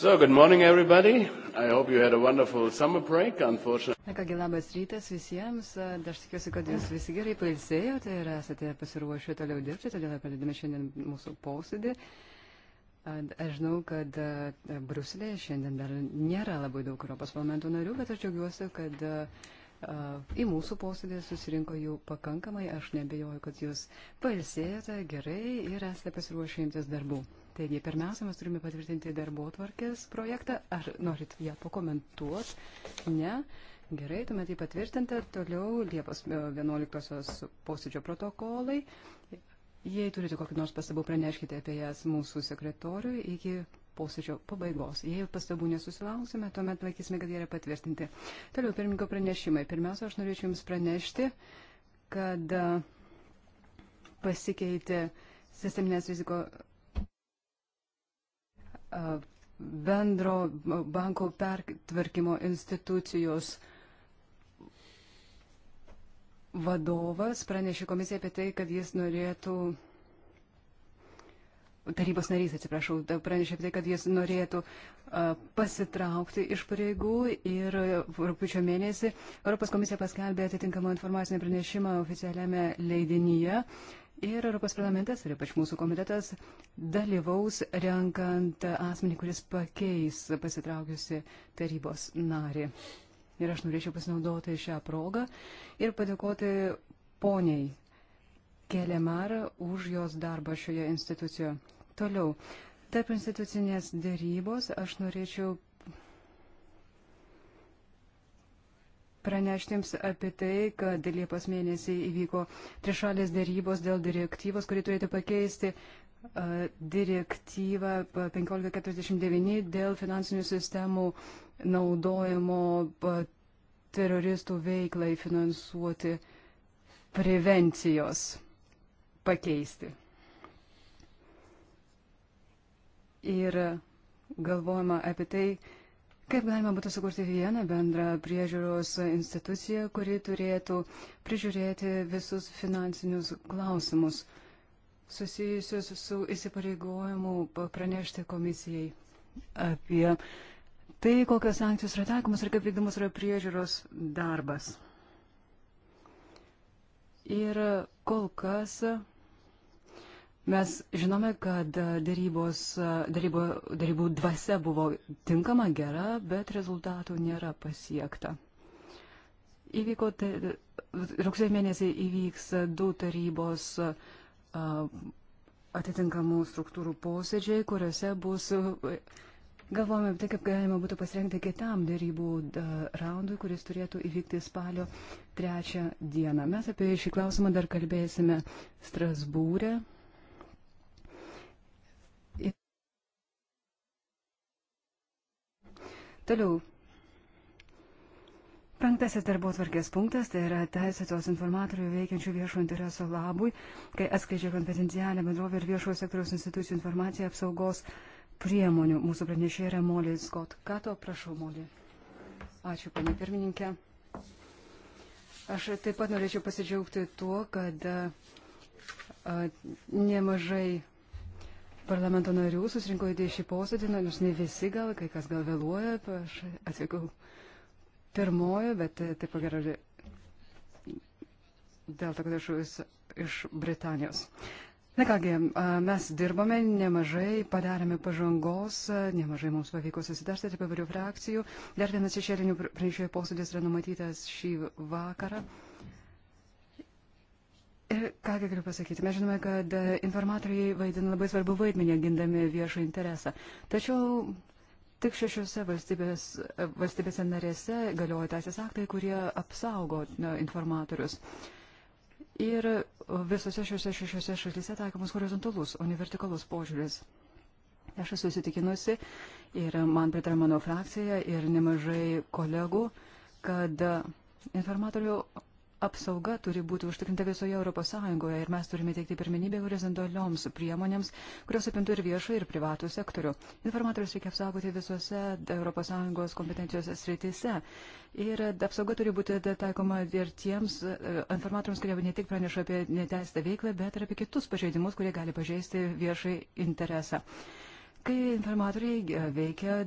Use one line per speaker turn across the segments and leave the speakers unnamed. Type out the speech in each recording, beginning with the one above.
So, good morning everybody. I hope you had a wonderful summer break, unfortunately.
Na kągi, labas rytas visiems. Aš tikiuosi, kad jūs visi gerai pailsėjote ir esate pasiruošę toliau dirbti, todėl pradedame šiandien mūsų posėdį. Aš žinau, kad e, Bruselėje šiandien dar nėra labai daug Europos parlamento narių, bet aš džiaugiuosi, kad e, į mūsų posėdį susirinko jų pakankamai. Aš nebejoju, kad jūs pailsėjote gerai ir esate pasiruošę imtis darbų strategiją. Pirmiausia, mes turime patvirtinti darbo tvarkės projektą. Ar norit ją pakomentuoti? Ne. Gerai, tuomet jį patvirtinti. Toliau Liepos 11 e, posėdžio protokolai. Jei turite kokį nors pastabų, praneškite apie jas mūsų sekretoriui iki posėdžio pabaigos. Jei pastabų nesusilauksime, tuomet laikysime, kad jie yra patvirtinti. Toliau pirmininko pranešimai. Pirmiausia, aš norėčiau Jums pranešti, kad e, pasikeitė sisteminės riziko, bendro banko pertvarkymo institucijos vadovas pranešė komisija apie tai, kad jis norėtų, tarybos narys, atsiprašau, pranešė apie tai, kad jis norėtų pasitraukti iš pareigų ir rūpiučio mėnesį Europos komisija paskelbė atitinkamą informacinį pranešimą oficialiame leidinyje Ir Europos parlamentas, ir ypač mūsų komitetas, dalyvaus renkant asmenį, kuris pakeis pasitraukiusi tarybos narį. Ir aš norėčiau pasinaudoti šią progą ir padėkoti poniai Kelemar už jos darbą šioje institucijoje. Toliau, tarp institucinės dėrybos aš norėčiau praneštėms apie tai, kad Liepos mėnesį įvyko trišalės dėrybos dėl direktyvos, kuri turėtų pakeisti direktyvą 1549 dėl finansinių sistemų naudojimo teroristų veiklai finansuoti prevencijos pakeisti. Ir galvojama apie tai, Kaip galima būtų sukurti vieną bendrą priežiūros instituciją, kuri turėtų prižiūrėti visus finansinius klausimus susijusius su įsipareigojimu pranešti komisijai apie tai, kokios sankcijos yra taikomas ir kaip vykdomas yra priežiūros darbas. Ir kol kas Mes žinome, kad darybos, darybo, darybų dvasia buvo tinkama gera, bet rezultatų nėra pasiekta. Įvyko, tai, rugsėjo mėnesį įvyks du tarybos atitinkamų struktūrų posėdžiai, kuriuose bus galvojame tai, kaip galima būtų pasirengti kitam darybų raundui, kuris turėtų įvykti spalio trečią dieną. Mes apie šį klausimą dar kalbėsime Strasbūrė. E Toliau. Penktasis darbo tvarkės punktas tai yra teisėtos informatorių veikiančių viešo intereso labui, kai atskleidžia konfidencialią bendrovę ir viešojo sektoriaus institucijų informaciją apsaugos priemonių. Mūsų pranešė yra Molė Scott. Kato, prašau, Molė. Ačiū, panė pirmininkė. Aš taip pat norėčiau pasidžiaugti tuo, kad a, nemažai parlamento narių susirinko į šį posėdį, nors ne visi gal, kai kas gal vėluoja, aš atvykau pirmojo, bet e, taip pat gerai dėl to, kad aš iš, iš Britanijos. Na kągi, mes dirbame nemažai, padarėme pažangos, nemažai mums pavyko susidarsti tarp įvairių frakcijų. Dar vienas šešėlinių pranešėjų posėdis yra numatytas šį vakarą. Mm ką galiu pasakyti? Mes žinome, kad informatoriai vaidina labai svarbu vaidmenį gindami viešą interesą. Tačiau tik šešiose valstybės, valstybėse narėse galioja teisės aktai, kurie apsaugo na, informatorius. Ir visose šiuose šešiose šalyse taikomas horizontalus, o ne vertikalus požiūris. Aš esu įsitikinusi ir man pritarė mano frakcija ir nemažai kolegų, kad informatorių apsauga turi būti užtikrinta visoje Europos Sąjungoje ir mes turime teikti pirmenybę horizontalioms priemonėms, kurios apimtų ir viešą, ir privatų sektorių. Informatorius reikia apsaugoti visose Europos Sąjungos kompetencijos sritise. Ir apsauga turi būti taikoma ir tiems e, informatoriams, kurie ne tik praneša apie neteistą veiklą, bet ir apie kitus pažeidimus, kurie gali pažeisti viešai interesą. Kai informatoriai e, veikia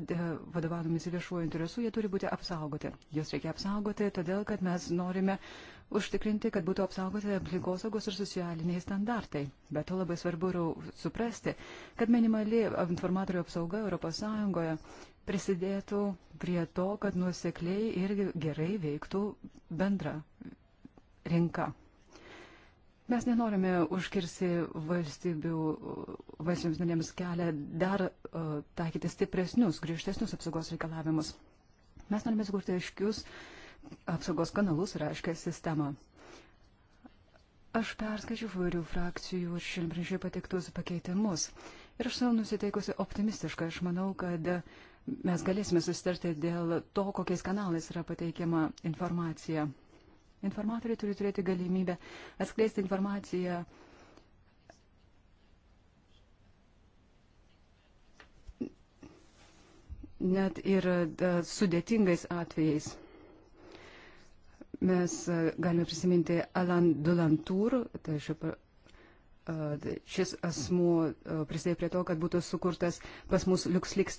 vadovaudomisi viešuoju interesu, jie turi būti apsaugoti. Jos reikia apsaugoti, todėl kad mes norime užtikrinti, kad būtų apsaugoti aplinkosaugos ir socialiniai standartai. Bet to labai svarbu yra suprasti, kad minimali informatorių apsauga ES prisidėtų prie to, kad nusekliai ir gerai veiktų bendra rinka. Mes nenorime užkirsti valstybių, valstybėms narėms kelią dar uh, taikyti stipresnius, griežtesnius apsaugos reikalavimus. Mes norime sukurti aiškius uh, apsaugos kanalus ir aiškę sistemą. Aš perskaičiu vairių frakcijų ir šilbrinžiai patiktus pakeitimus. Ir aš savo nusiteikusi optimistiškai. Aš manau, kad mes galėsime susitarti dėl to, kokiais kanalais yra pateikiama informacija. Informatoriai turi turėti galimybę atskleisti informaciją. Net ir sudėtingais atvejais mes e, galime prisiminti Alan Dulantur, tai šio, e, tai šis asmuo e, prisidėjo prie to, kad būtų sukurtas pas mus LuxLeaks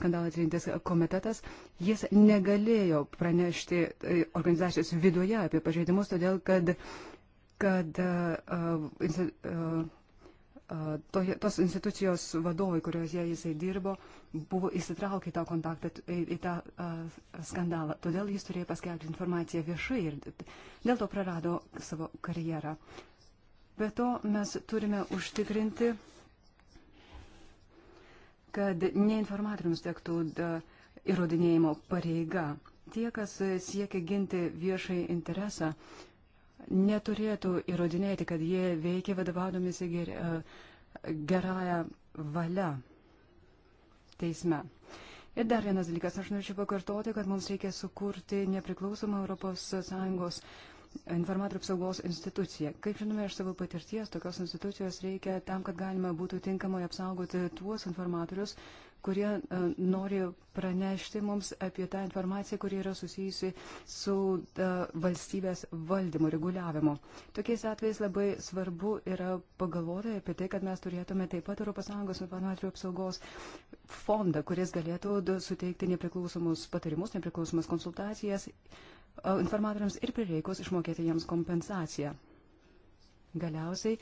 skandalą tyrintis komitetas. Jis negalėjo pranešti organizacijos viduje apie pažeidimus, todėl kad, kad uh, uh, to, tos institucijos vadovai, kurioje jisai dirbo, buvo įsitraukę į tą kontaktą, į, į tą a, skandalą. Todėl jis turėjo paskelbti informaciją viešai ir dėl to prarado savo karjerą. Be to mes turime užtikrinti, kad neinformatoriams tektų da, įrodinėjimo pareiga. Tie, kas siekia ginti viešai interesą, uh, neturėtų įrodinėti, kad jie veikia vadovaudomisi ger, e, gerąją valią teisme. Ir dar vienas dalykas, aš norėčiau pakartoti, kad mums reikia sukurti nepriklausomą ES informatorių apsaugos instituciją. Kaip žinome iš savo patirties, tokios institucijos reikia tam, kad galima būtų tinkamai apsaugoti tuos informatorius, kurie e, nori pranešti mums apie tą informaciją, kuri yra susijusi su e, valstybės valdymu, reguliavimu. Tokiais atvejais labai svarbu yra pagalvoti apie tai, kad mes turėtume taip pat ES informacijų apsaugos fondą, kuris galėtų suteikti nepriklausomus patarimus, nepriklausomas konsultacijas e, informatoriams ir prireikus išmokėti jiems kompensaciją. Galiausiai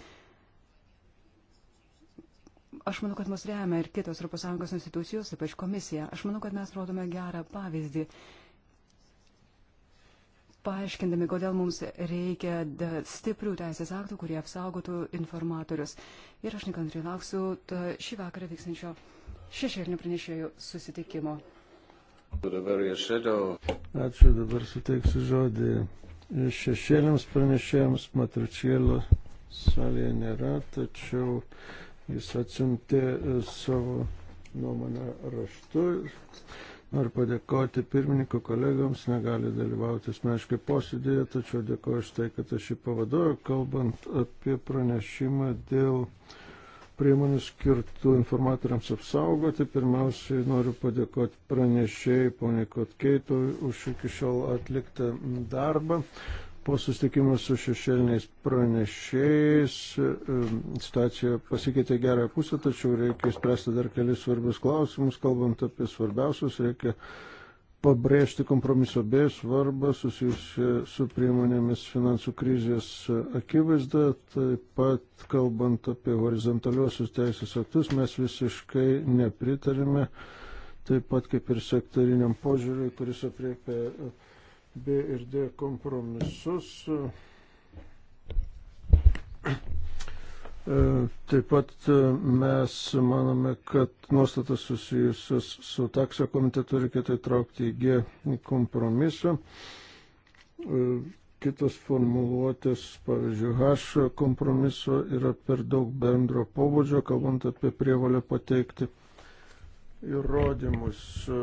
Aš manau, kad mus remia ir kitos ES institucijos, ypač komisija. Aš manau, kad mes rodome gerą pavyzdį, paaiškindami, kodėl mums reikia stiprių teisės aktų, kurie apsaugotų informatorius. Ir aš nekantriai lauksiu šį vakarą vyksančio šešėlinių pranešėjų
susitikimo. Ačiū, dabar suteiksiu žodį šešėliams pranešėjams, matričėlio salėje nėra, tačiau Jis atsiuntė e, savo nuomonę raštu. Noriu padėkoti pirmininko kolegams, negali dalyvauti asmeniškai posėdėje, tačiau dėkoju už tai, kad aš jį pavaduoju, kalbant apie pranešimą dėl priemonių skirtų informatoriams apsaugoti. Pirmiausiai noriu padėkoti pranešėjai, poniai Kotkeitui, už iki šiol atliktą darbą. Po susitikimo su šešėliniais pranešėjais situacija pasikeitė gerąją pusę, tačiau reikia spręsti dar kelis svarbius klausimus. Kalbant apie svarbiausius, reikia pabrėžti kompromiso B svarbą susijusi su priemonėmis finansų krizės akivaizda. Taip pat, kalbant apie horizontaliuosius teisės aktus, mes visiškai nepritarime. Taip pat kaip ir sektoriniam požiūriui, kuris apriepia B ir D kompromisus. E, taip pat e, mes manome, kad nuostatas susijusios su taksio komitetu reikėtų tai įtraukti į G kompromisą. E, kitos formuluotės, pavyzdžiui, H kompromiso yra per daug bendro pobūdžio, kalbant apie prievalę pateikti įrodymus. E,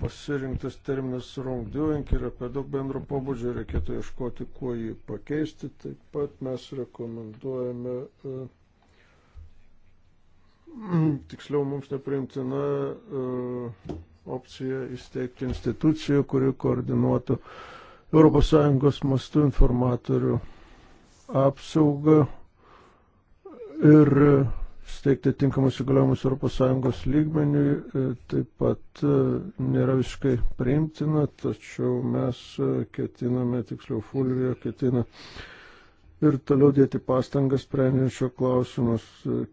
pasirinktas terminas wrongdoing yra per daug bendro pobūdžio, reikėtų ieškoti, kuo jį pakeisti. Taip pat mes rekomenduojame, e, tiksliau mums nepriimtina e, opcija įsteigti instituciją, kuri koordinuotų ES mastų informatorių apsaugą ir steigti tinkamus įgaliojimus ES lygmeniui e, taip pat e, nėra visiškai priimtina, tačiau mes e, ketiname, tiksliau Fulvija ketina ir toliau dėti pastangas sprendžiančio klausimus.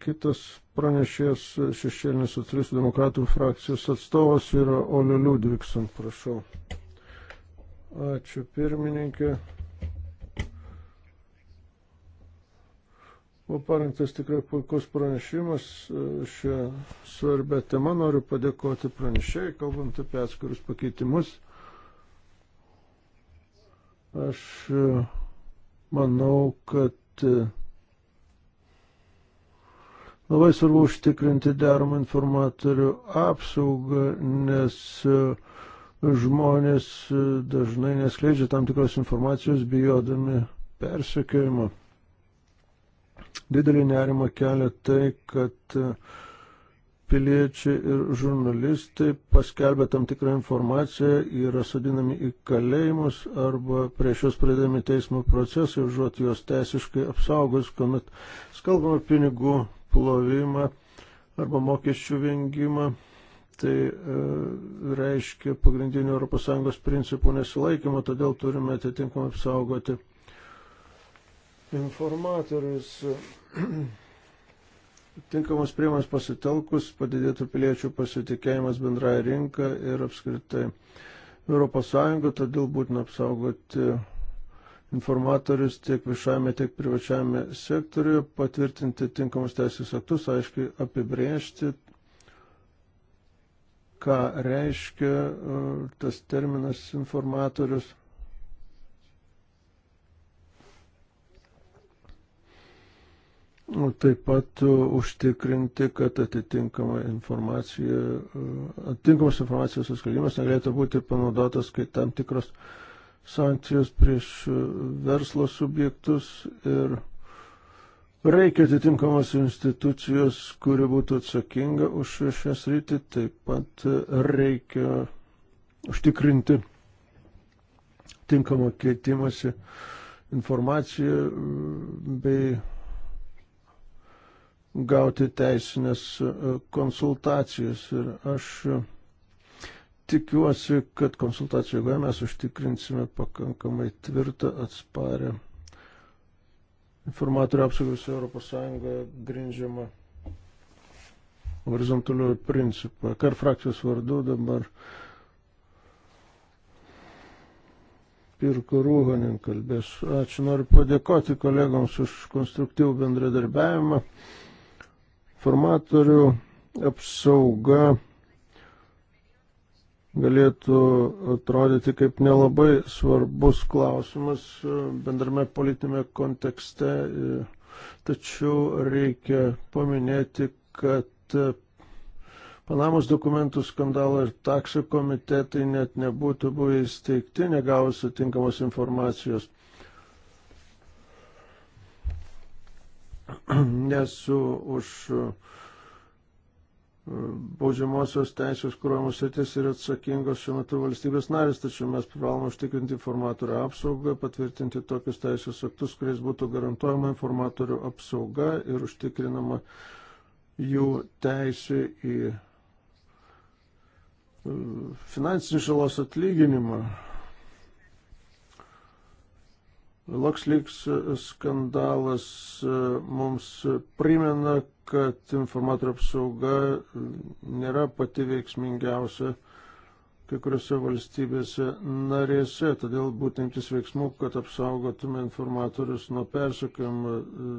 Kitas pranešės šešėlinis socialistų demokratų frakcijos atstovas yra Olė Liudvikson, prašau. Ačiū pirmininkė. Buvo parengtas tikrai puikus pranešimas e, šią svarbę temą. Noriu padėkoti pranešėjai, kalbant apie atskirus pakeitimus. Aš e, manau, kad e, labai svarbu užtikrinti deramą informatorių apsaugą, nes žmonės dažnai neskleidžia tam tikros informacijos bijodami persekiojimo. Didelį nerimą kelia tai, kad e, piliečiai ir žurnalistai paskelbė tam tikrą informaciją, yra sudinami į kalėjimus arba prieš juos pradėmi teismo procesai, užuot juos teisiškai apsaugos, kuomet skalbama pinigų plovimą arba mokesčių vengimą. Tai e, reiškia pagrindinių ES principų nesilaikymą, todėl turime atitinkamai apsaugoti informatorius. Tinkamas priemonės pasitelkus padidėtų piliečių pasitikėjimas bendrąją rinką ir apskritai ES, todėl būtina apsaugoti informatorius tiek viešame, tiek privačiame sektoriuje, patvirtinti tinkamus teisės aktus, aiškiai apibrėžti, ką reiškia uh, tas terminas informatorius taip pat uh, užtikrinti, kad atitinkama informacija, uh, atitinkamas informacijos atskleidimas negalėtų būti panaudotas kaip tam tikros sankcijos prieš uh, verslo subjektus ir reikia atitinkamos institucijos, kuri būtų atsakinga už šią sritį, taip pat reikia užtikrinti tinkamą keitimąsi informaciją bei gauti teisinės e, konsultacijos. Ir aš e, tikiuosi, kad konsultacijų goje mes užtikrinsime pakankamai tvirtą, atsparę informatorių apsaugos Europos Sąjungoje grindžiamą horizontalių principą. Kar frakcijos vardu dabar Pirko Rūganin kalbės. Ačiū, noriu padėkoti kolegoms už konstruktyvų bendradarbiavimą. Informatorių apsauga galėtų atrodyti kaip nelabai svarbus klausimas bendrame politinėme kontekste, tačiau reikia paminėti, kad Panamos dokumentų skandalo ir taksų komitetai net nebūtų buvę įsteigti, negavus atitinkamos informacijos nesu už e, baudžiamosios teisės kūruojamos sritis yra atsakingos šiuo metu valstybės narės, tačiau mes privalome užtikrinti informatorių apsaugą, patvirtinti tokius teisės aktus, kuriais būtų garantuojama informatorių apsauga ir užtikrinama jų teisė į e, finansinį žalos atlyginimą. LuxLeaks skandalas e, mums primena, kad informatorių apsauga e, nėra pati veiksmingiausia kai kuriuose valstybėse narėse, todėl būtintis veiksmų, kad apsaugotume informatorius nuo persekiojimo e,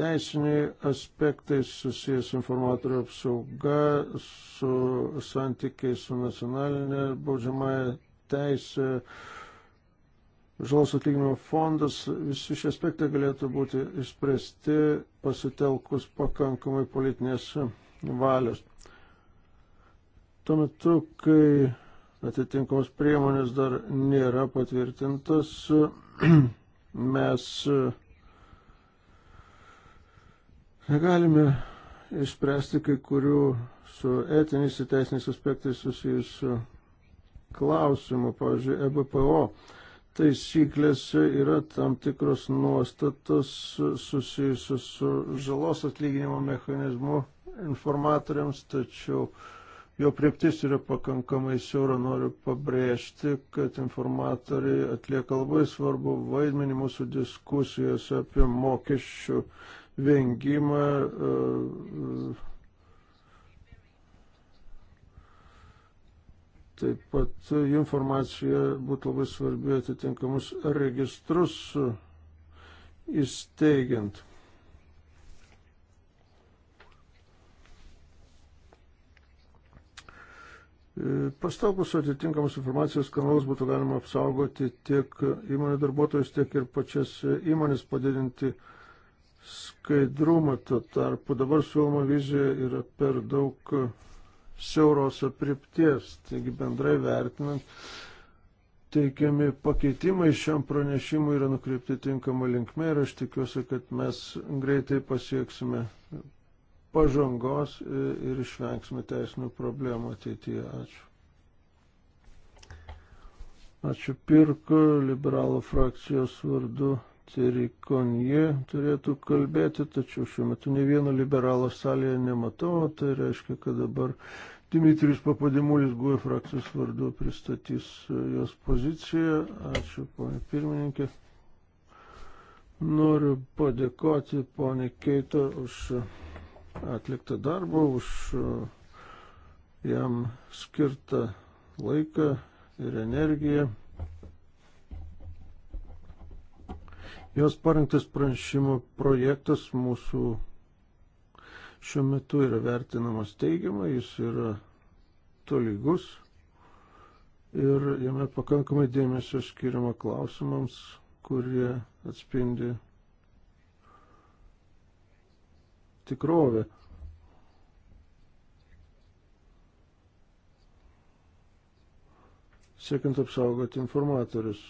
teisiniai aspektai susijęs informatorių apsauga su santykiai su nacionalinė baudžiamąją teisė žalos atlyginimo fondas, visi šie aspektai galėtų būti išspręsti pasitelkus pakankamai politinės valios. Tuo metu, kai atitinkamos priemonės dar nėra patvirtintas, mes negalime išspręsti kai kurių su etiniais ir teisiniais aspektais susijusių klausimų, pavyzdžiui, EBPO taisyklėse yra tam tikros nuostatos susijusios su žalos atlyginimo mechanizmu informatoriams, tačiau jo prieptis yra pakankamai siaura. Noriu pabrėžti, kad informatoriai atlieka labai svarbu vaidmenį mūsų diskusijose apie mokesčių vengimą. Uh, Taip pat jų informacija būtų labai svarbi atitinkamus registrus įsteigiant. Pastokus atitinkamus informacijos kanalus būtų galima apsaugoti tiek įmonių darbuotojus, tiek ir pačias įmonės padidinti skaidrumą. Tuo tarpu dabar siūloma vizija yra per daug siauros apripties. Taigi bendrai vertinant, teikiami pakeitimai šiam pranešimui yra nukreipti tinkamą linkmę ir aš tikiuosi, kad mes greitai pasieksime pažangos ir išvengsime teisinių problemų ateityje. Ačiū. Ačiū Pirko, liberalų frakcijos vardu Cerikonje turėtų kalbėti, tačiau šiuo metu ne vieno liberalo salėje nematau, tai reiškia, kad dabar Dimitrijus Papadimulis GUE frakcijos vardu pristatys e, jos poziciją. Ačiū, ponė pirmininkė. Noriu padėkoti ponė Keito už atliktą darbą, už e, jam skirtą laiką ir energiją. Jos parengtas pranešimo projektas mūsų šiuo metu yra vertinamas teigiamai, jis yra tolygus ir jame pakankamai dėmesio skiriama klausimams, kurie atspindi tikrovę. Siekiant apsaugoti informatorius.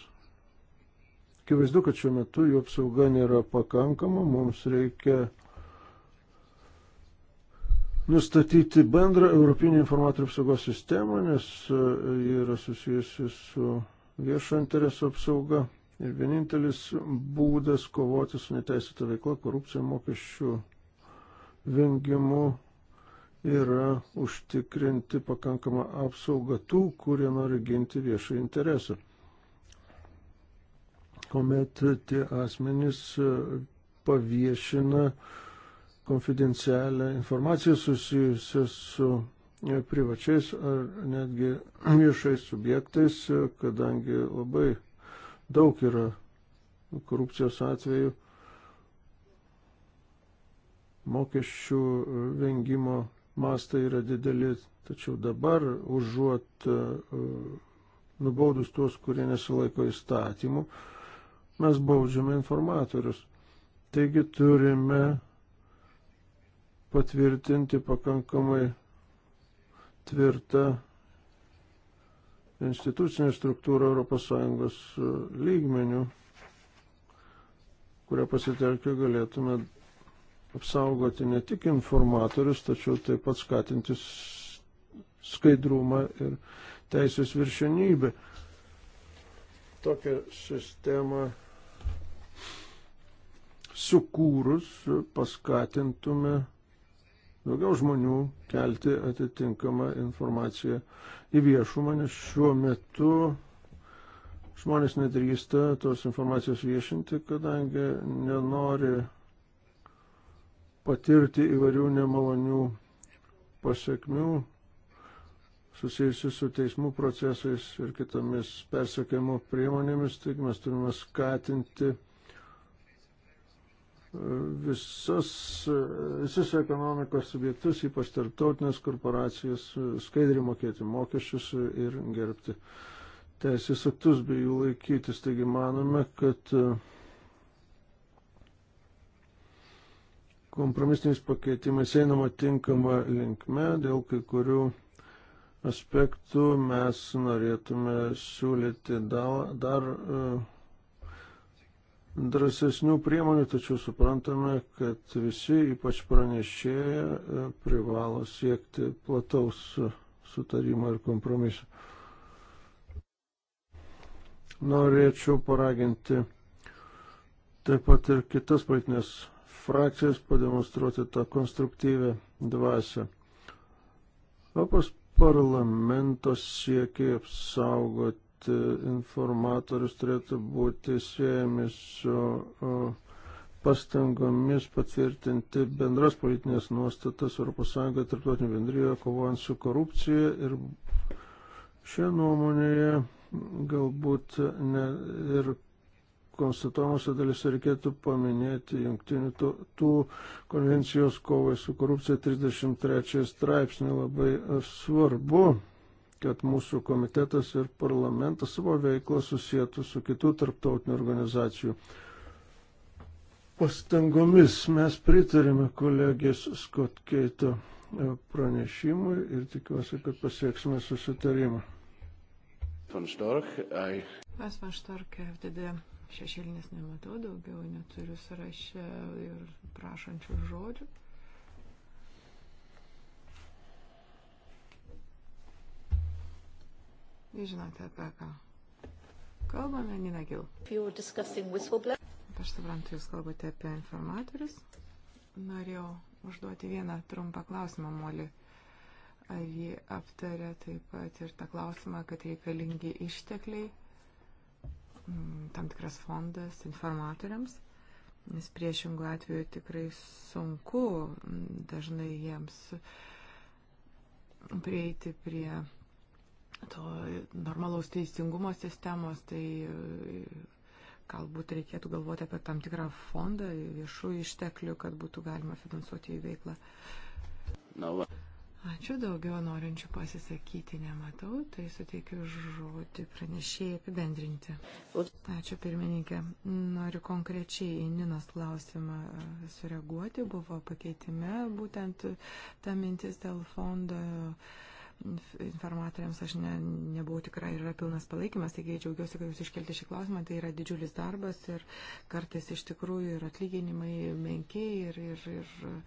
Akivaizdu, kad šiuo metu jų apsauga nėra pakankama, mums reikia nustatyti bendrą Europinį informatorių apsaugos sistemą, nes e, ji yra susijusi su viešo intereso apsauga. Ir vienintelis būdas kovoti su neteisėta veikla, korupcija, mokesčių vengimu yra užtikrinti pakankamą apsaugą tų, kurie nori ginti viešą interesą. Komet tie asmenys e, paviešina uh, konfidencialią informaciją susijusią su e, privačiais ar netgi viešais subjektais, e, kadangi labai daug yra korupcijos atvejų, mokesčių e, vengimo mastai yra dideli, tačiau dabar užuot nubaudus tuos, kurie nesilaiko įstatymų, mes baudžiame informatorius. Taigi turime patvirtinti pakankamai tvirtą institucinę struktūrą ES e, lygmenių, kurią pasitelkę galėtume apsaugoti ne tik informatorius, tačiau taip pat skatinti skaidrumą ir teisės viršenybę. Tokią sistemą sukūrus paskatintume daugiau žmonių kelti atitinkamą informaciją į viešumą, nes šiuo metu žmonės nedrįsta tos informacijos viešinti, kadangi nenori patirti įvairių nemalonių pasiekmių susijusių su teismų procesais ir kitomis persekiojimo priemonėmis, taigi mes turime skatinti visas, visus ekonomikos subjektus, ypač tarptautinės korporacijas, skaidriai mokėti mokesčius ir gerbti teisės aktus bei jų laikytis. Taigi manome, kad e, kompromisiniais pakeitimais einama tinkama linkme dėl kai kurių aspektų mes norėtume siūlyti dar, dar e, uh, drąsesnių priemonių, tačiau suprantame, kad visi, ypač pranešėja, e, privalo siekti plataus sutarimo ir kompromiso. Norėčiau paraginti taip pat ir kitas politinės frakcijas pademonstruoti tą konstruktyvę dvasę. Europos parlamentas siekia apsaugoti kad e, informatorius turėtų būti siejami su pastangomis patvirtinti bendras politinės nuostatas ES tarptautinė bendryje kovojant su korupcija ir šioje nuomonėje galbūt ne, ir konstatuomose dalise reikėtų paminėti jungtinių tautų konvencijos kovai su korupcija 33 straipsnį labai svarbu kad mūsų komitetas ir parlamentas savo veiklą susijėtų su kitų tarptautinių organizacijų pastangomis. Mes pritarėme kolegės Scott Keito e, pranešimui ir tikiuosi, kad pasieksime susitarimą. Van Storch, I...
Vas Van Storch, FDD šešėlinės nematau, daugiau neturiu sąraše ir prašančių žodžių. Jūs žinote, apie ką kalbame, Nina Gil. Aš suprantu, jūs kalbate apie informatorius. Norėjau užduoti vieną trumpą klausimą, Moli. Ar jį aptarė taip pat ir tą klausimą, kad reikalingi ištekliai, mm, tam tikras fondas informatoriams, nes priešingų atveju tikrai sunku mm, dažnai jiems prieiti prie to normalaus teisingumo sistemos, tai e, galbūt reikėtų galvoti apie tam tikrą fondą viešų išteklių, kad būtų galima finansuoti jų veiklą. Ačiū daugiau norinčių pasisakyti, nematau, tai suteikiu žodį pranešėjai apibendrinti. Ačiū pirmininkė. Noriu konkrečiai į Ninos klausimą e, sureaguoti. Buvo pakeitime būtent ta mintis dėl fondo. Uh, informatoriams aš ne, nebuvau tikra ir yra pilnas palaikymas, taigi džiaugiuosi, kad jūs iškelti šį klausimą, tai yra didžiulis darbas ir kartais iš tikrųjų ir atlyginimai menkiai ir, ir, ir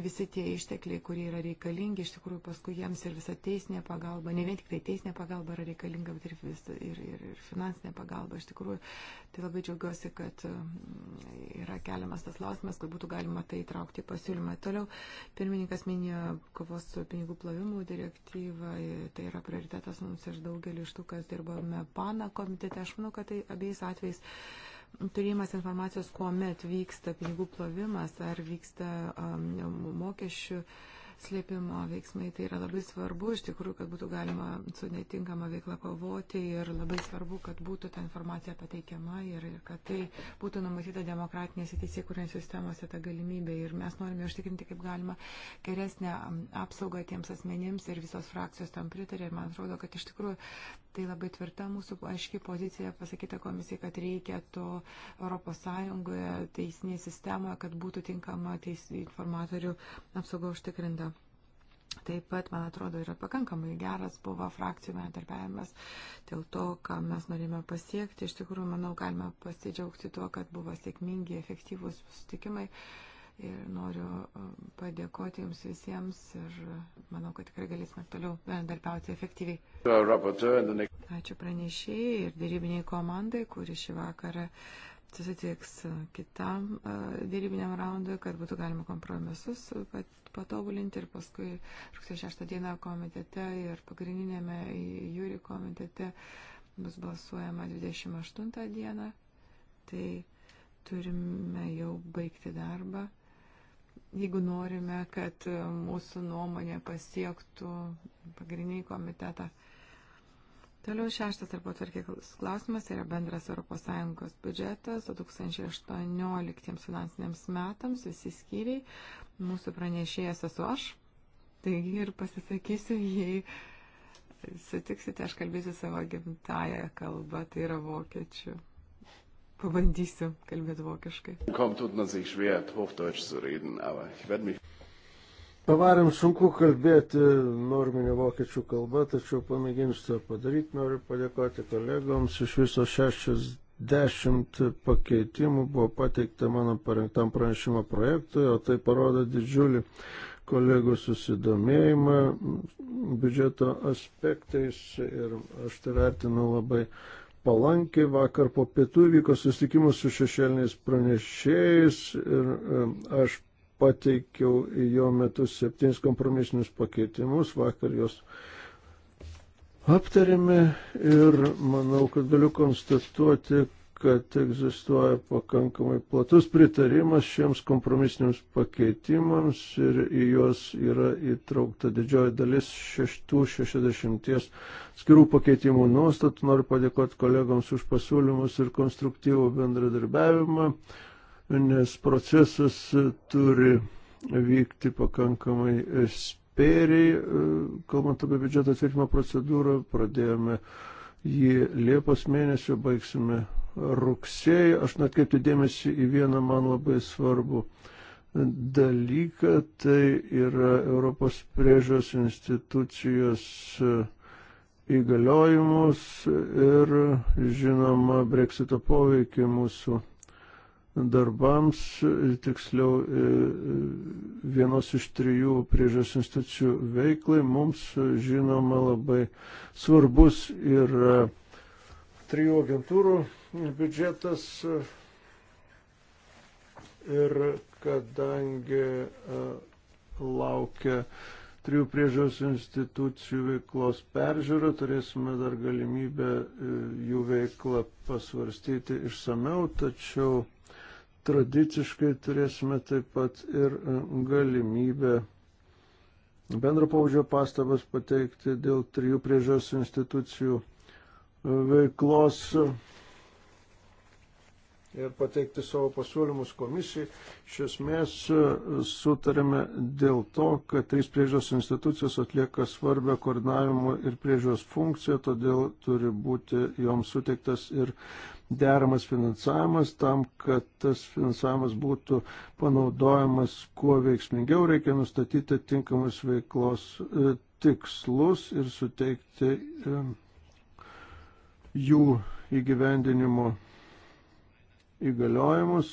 visi tie ištekliai, kurie yra reikalingi, iš tikrųjų paskui jiems ir visa teisinė pagalba, ne vien tik tai teisinė pagalba yra reikalinga, bet ir, vis, ir, ir, ir finansinė pagalba. Iš tikrųjų, tai labai džiaugiuosi, kad mm, yra keliamas tas lausimas, kad būtų galima tai įtraukti į pasiūlymą. Toliau, pirmininkas minėjo kovos su pinigų plovimu direktyvą, tai yra prioritetas mums ir daugeliu iš tų, kas dirbame PANA komitete. Aš manau, kad tai abiejais atvejais turėjimas informacijos, kuomet vyksta pinigų plovimas ar vyksta um, mokesčių uh, slėpimo veiksmai. Tai yra labai svarbu, iš tikrųjų, kad būtų galima su netinkama veikla kovoti ir labai svarbu, kad būtų ta informacija pateikiama ir, ir kad tai būtų numatyta demokratinėse teisėkūrinės sistemose ta galimybė. Ir mes norime užtikrinti, kaip galima geresnę apsaugą tiems asmenims ir visos frakcijos tam pritarė. Ir man atrodo, kad iš tikrųjų tai labai tvirta mūsų aiški pozicija pasakyta komisijai, kad reikia to ES teisinėje sistemoje, kad būtų tinkama teis, informatorių apsauga užtikrinta. Taip pat, man atrodo, yra pakankamai geras buvo frakcijų bendarbiavimas dėl to, ką mes norime pasiekti. Iš tikrųjų, manau, galime pasidžiaugti tuo, kad buvo sėkmingi, efektyvūs susitikimai. Ir noriu um, padėkoti Jums visiems ir manau, kad tikrai galėsime toliau bendarbiauti efektyviai. Ačiū pranešėjai ir dėrybiniai komandai, kuri šį vakarą susitiks e, kitam e, dėrybiniam raundui, kad būtų galima kompromisus patobulinti ir paskui rugsėjo 6 dieną komitete ir pagrindinėme jūri komitete bus balsuojama 28 dieną. Tai turime jau baigti darbą. Jeigu norime, kad mūsų nuomonė pasiektų pagrindinį komitetą, Toliau šeštas arba tvarkės klausimas tai yra bendras ES biudžetas 2018 finansiniams metams, visi skyriai, mūsų pranešėjas esu aš, taigi ir pasisakysiu, jei sutiksite, aš kalbėsiu savo gimtają kalbą, tai yra vokiečių. Pabandysiu kalbėti vokiškai.
Kommt tut man sich schwer, Hochdeutsch zu reden, aber ich werde mich. Pavarėm sunku kalbėti norminė vokiečių kalba, tačiau pamėginsiu tą padaryti. Noriu padėkoti kolegoms. Iš viso 60 pakeitimų buvo pateikta mano parengtam pranešimo projektui, o tai parodo didžiulį kolegų susidomėjimą biudžeto aspektais ir aš tai vertinu labai palankiai. Vakar po pietų vyko susitikimus su šešėliniais pranešėjais ir e, aš pateikiau jo metu septynis kompromisinius pakeitimus, vakar juos aptarėme ir manau, kad galiu konstatuoti, kad egzistuoja pakankamai platus pritarimas šiems kompromisiniams pakeitimams ir į juos yra įtraukta didžioji dalis 660 skirų pakeitimų nuostatų. Noriu padėkoti kolegoms už pasiūlymus ir konstruktyvų bendradarbiavimą nes procesas e, turi vykti pakankamai e, spėriai. E, kalbant apie biudžeto atvirkimo procedūrą, pradėjome jį Liepos mėnesio, baigsime rugsėjį. Aš net kaip dėmesį į vieną man labai svarbu dalyką, tai yra Europos priežos institucijos įgaliojimus ir žinoma breksito poveikį mūsų darbams, tiksliau e, e, vienos iš trijų priežas institucijų veiklai, mums žinoma labai svarbus ir e, trijų agentūrų biudžetas ir kadangi laukia trijų priežiūros institucijų veiklos peržiūra, turėsime dar galimybę jų veiklą pasvarstyti išsameu, tačiau tradiciškai turėsime taip pat ir e, galimybę bendro paudžio pastabas pateikti dėl trijų priežios institucijų e, veiklos ir pateikti savo pasiūlymus komisijai. Iš esmės e, sutarėme dėl to, kad trys priežios institucijos atlieka svarbę koordinavimo ir priežios funkciją, todėl turi būti joms suteiktas ir deramas finansavimas tam, kad tas finansavimas būtų panaudojamas kuo veiksmingiau, reikia nustatyti tinkamus veiklos e, tikslus ir suteikti e, jų įgyvendinimo įgaliojimus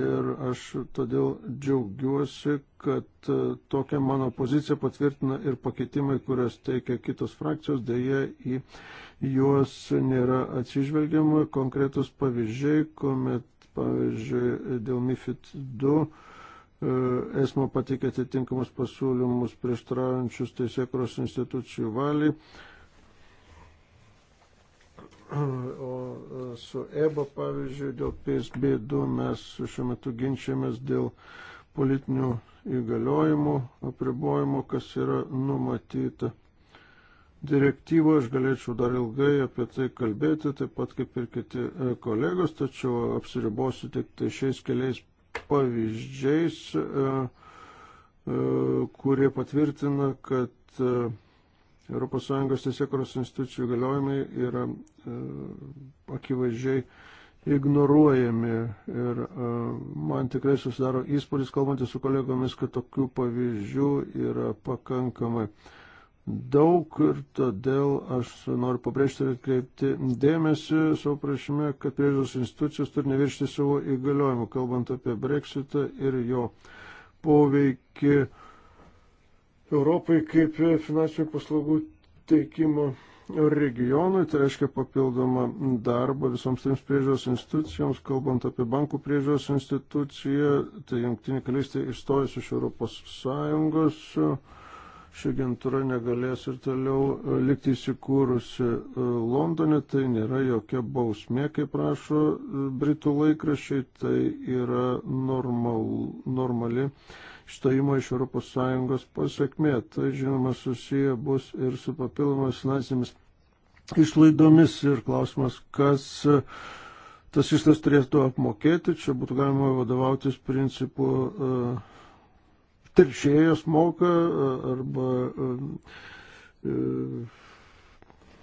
ir aš todėl džiaugiuosi, kad e, tokią mano poziciją patvirtina ir pakeitimai, kurias teikia kitos frakcijos, dėje į juos nėra atsižvelgiama. Konkretus pavyzdžiai, kuomet, pavyzdžiui, dėl MIFID 2 e, esmo pateikė atitinkamus pasiūlymus prieštraujančius teisėkros institucijų valiai O su EBA, pavyzdžiui, dėl PSB2 mes šiuo metu ginčiamės dėl politinių įgaliojimų, apribojimų, kas yra numatyta. Direktyvo aš galėčiau dar ilgai apie tai kalbėti, taip pat kaip ir kiti e, kolegos, tačiau apsiribosiu tik tai šiais keliais pavyzdžiais, e, e, kurie patvirtina, kad ES teisėkuros institucijų galiojimai yra e, akivaizdžiai ignoruojami. Ir e, man tikrai susidaro įspūdis, kalbantys su kolegomis, kad tokių pavyzdžių yra pakankamai daug ir todėl aš noriu pabrėžti ir atkreipti dėmesį savo prašymę, kad priežiūros institucijos turi neviršti savo įgaliojimų, kalbant apie breksitą ir jo poveikį Europai kaip finansinių paslaugų teikimo regionui, tai reiškia papildomą darbą visoms trims priežiūros institucijoms, kalbant apie bankų priežiūros instituciją, tai jungtinė karalystė išstojus iš Europos Sąjungos, ši agentūra negalės ir toliau likti įsikūrusi Londone, tai nėra jokia bausmė, kaip rašo Britų laikrašiai, tai yra normal, normali stojimo iš ES pasiekmė. Tai žinoma susiję bus ir su papildomis finansinėmis išlaidomis ir klausimas, kas e, tas išlaidas turėtų apmokėti. Čia būtų galima vadovautis principu e, teršėjas moka e, arba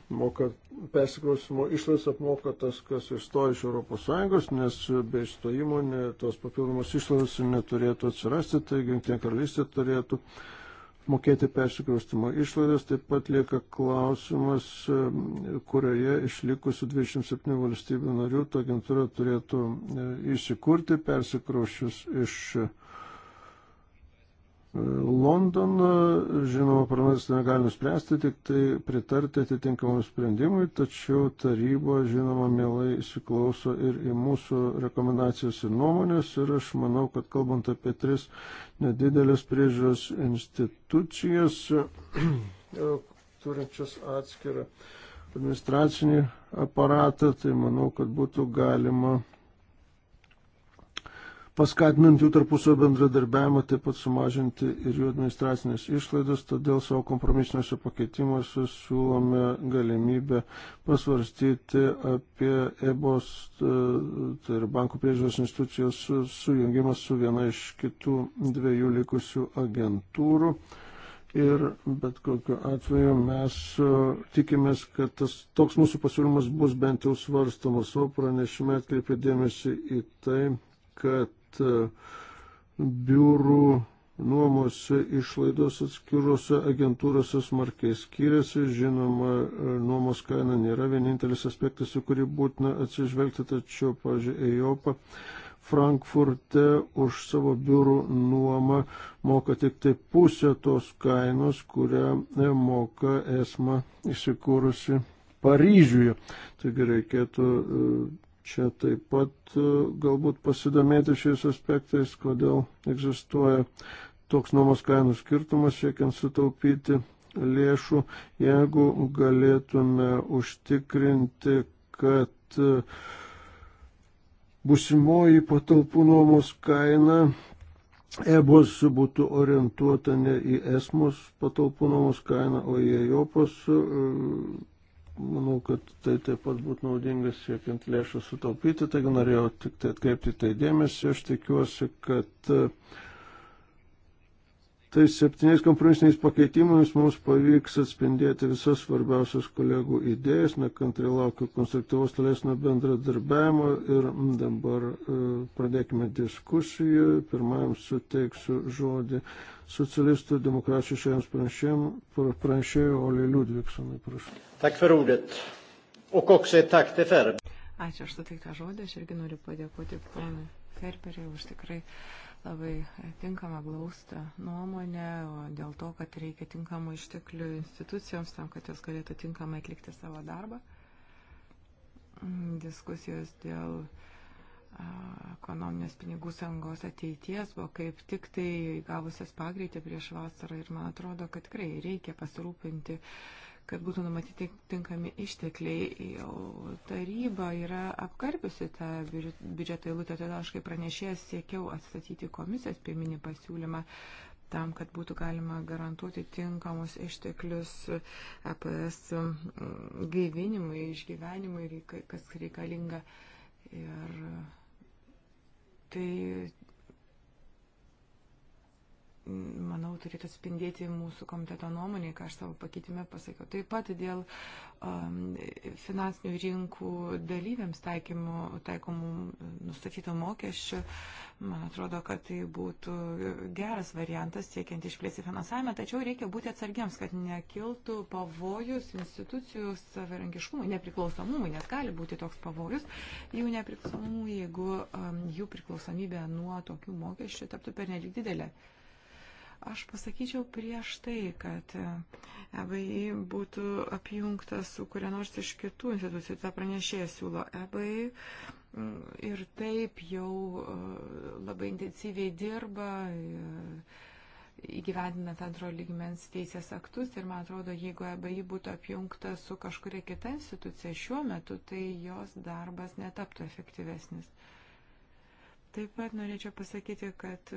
moka persikraustimo išlaidas apmoka tas, kas išstoja iš ES, nes be išstojimo ne, tos papildomos išlaidos neturėtų atsirasti, taigi Junktinė karalystė turėtų mokėti persikraustimo išlaidas. Taip pat lieka klausimas, kurioje išlikusių 27 valstybių narių ta agentūra turėtų e, įsikurti persikraušius iš ES Londoną, žinoma, parlamentas tai negali nuspręsti, tik tai pritarti atitinkamam sprendimui, tačiau taryba, žinoma, mielai įsiklauso ir į mūsų rekomendacijas ir nuomonės ir aš manau, kad kalbant apie tris nedidelės priežiūros institucijas, turinčias atskirą administracinį aparatą, tai manau, kad būtų galima paskatinant jų tarpusio bendradarbiavimą, taip pat sumažinti ir jų administracinės išlaidas, todėl savo kompromisiniuose pakeitimuose siūlome galimybę pasvarstyti apie EBOS, e, tai yra bankų priežiūros institucijos sujungimas su viena iš kitų dviejų likusių agentūrų. Ir bet kokiu atveju mes e, tikimės, kad tas, toks mūsų pasiūlymas bus bent jau svarstamas. O pranešime atkreipė dėmesį į tai, kad kad e, biurų nuomos išlaidos atskiruose agentūrose smarkiai skiriasi. Žinoma, e, nuomos kaina nėra vienintelis aspektas, į kurį būtina atsižvelgti, tačiau, pažiūrėjau, EIOPA Frankfurte už savo biurų nuomą moka tik tai pusę tos kainos, kurią e, moka esma įsikūrusi Paryžiuje. Taigi reikėtų čia taip pat e, galbūt pasidomėti šiais aspektais, kodėl egzistuoja toks nuomos kainų skirtumas, siekiant sutaupyti lėšų, jeigu galėtume užtikrinti, kad e, busimoji patalpų nuomos kaina EBOS būtų orientuota ne į ESMOS patalpų nuomos kainą, o į EJOPOS e, manau, kad tai taip pat būtų naudingas siekiant lėšų sutaupyti, taigi norėjau tik tai atkreipti tai dėmesį. Aš tikiuosi, kad uh, Tai septyniais kompromisiniais pakeitimais mums pavyks atspindėti visas svarbiausias kolegų idėjas, nekantri laukiu konstruktyvos tolesnio bendradarbiavimo ir dabar e, pradėkime diskusiją. Pirmajam suteiksiu žodį socialistų demokratų šešėjams pranešėjų Olė Liudviksonai, prašau. Tak for ordet. O koks tai tak te ferb? Ačiū
už suteiktą žodį, aš irgi noriu padėkoti ponui Ferperiui už tikrai uh, labai tinkamą glaustą nuomonę dėl to, kad reikia tinkamų išteklių institucijoms tam, kad jos galėtų tinkamai atlikti savo darbą. Diskusijos dėl ekonominės pinigų sąjungos ateities buvo kaip tik tai gavusias pagreitį prieš vasarą ir man atrodo, kad tikrai reikia pasirūpinti uh, kad būtų numatyti tinkami ištekliai. Jau taryba yra apkarpiusi tą biudžeto eilutę, todėl aš kaip pranešėjas siekiau atstatyti komisijos pirminį pasiūlymą tam, kad būtų galima garantuoti tinkamus išteklius EPS mm, gaivinimui, išgyvenimui, kas reikalinga. Ir tai manau, turėtų atspindėti mūsų komiteto nuomonį, ką aš savo pakeitime pasakiau. Taip pat dėl um, finansinių rinkų dalyviams taikymų, taikomų nustatytų mokesčių, man atrodo, kad tai būtų geras variantas siekiant išplėsti finansavimą, tačiau reikia būti atsargiams, kad nekiltų pavojus institucijų savarankiškumui, nepriklausomumui, nes gali būti toks pavojus jų nepriklausomumui, jeigu um, jų priklausomybė nuo tokių mokesčių taptų per nelik didelė. Thank you. Aš pasakyčiau prieš tai, kad EBI e būtų apjungtas su kuria nors iš kitų institucijų. Ta pranešėja siūlo EBI mm, ir taip jau e, labai intensyviai dirba e, įgyvendinant antro lygmens teisės aktus ir man atrodo, jeigu abeji būtų apjungta su kažkuria kita institucija šiuo metu, tai jos darbas netaptų efektyvesnis. Taip pat norėčiau pasakyti, kad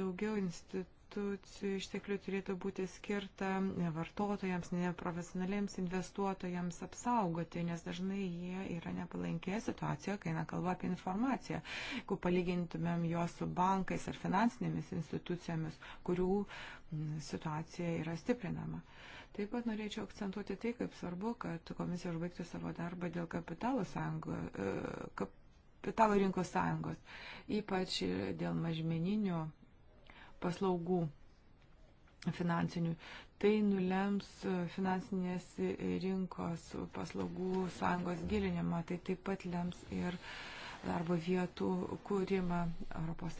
daugiau institucijų institucijų išteklių turėtų būti skirta vartotojams, neprofesionaliems investuotojams apsaugoti, nes dažnai jie yra nepalankėje situacijoje, kai eina kalba apie informaciją. Jeigu palygintumėm juos su bankais ar finansinėmis institucijomis, kurių situacija yra stiprinama. Taip pat norėčiau akcentuoti tai, kaip svarbu, kad komisija užbaigtų savo darbą dėl kapitalo, sąjungo, e, kapitalo rinkos sąjungos, ypač dėl mažmeninių paslaugų finansinių. Tai nulems finansinės rinkos paslaugų sąjungos gilinimą, tai taip pat lems ir darbo vietų kūrimą ES.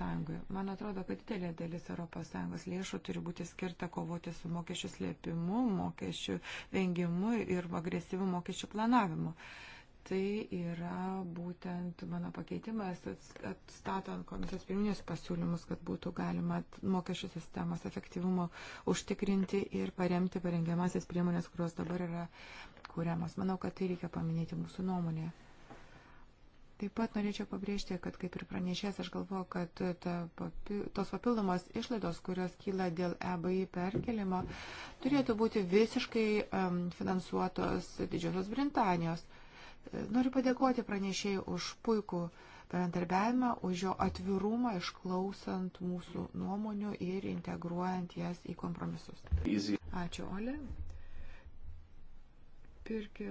Man atrodo, kad didelė dalis ES lėšų turi būti skirta kovoti su mokesčių slėpimu, mokesčių vengimu ir agresyviu mokesčių planavimu. Uh, tai yra būtent mano pakeitimas atstatant komisijos pirminius pasiūlymus, kad būtų galima mokesčių sistemos efektyvumo užtikrinti ir paremti parengiamasis priemonės, kurios dabar yra kūriamos. Manau, kad tai reikia paminėti mūsų nuomonėje. Taip pat norėčiau pabrėžti, kad kaip ir pranešės, aš galvoju, kad ta, papi, tos papildomos išlaidos, kurios kyla dėl EBI perkelimo, turėtų būti visiškai um, finansuotos Didžiosios Britanijos. Uh, Noriu padėkoti pranešėjai už puikų bendarbiavimą, už jo atvirumą, išklausant mūsų nuomonių ir integruojant jas į kompromisus. Ačiū, Ole. Pirkė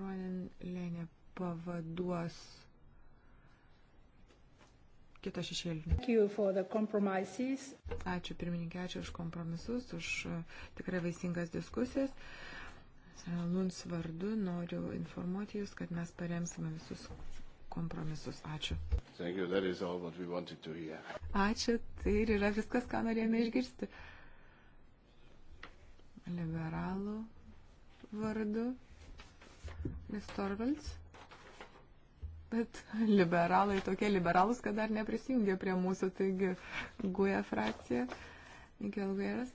Ronin Lenė pavaduos kitą šešėlinį. Ačiū pirmininkė, ačiū už kompromisus, už tikrai vaisingas diskusijas. Luns vardu noriu informuoti Jūs, kad mes paremsime visus kompromisus. Ačiū. Ačiū, tai ir yra viskas, ką norėjome išgirsti. Liberalų vardu. Nestorvalds. Bet liberalai tokie liberalus, kad dar neprisijungė prie mūsų, taigi guja frakcija. Mikel Vėras.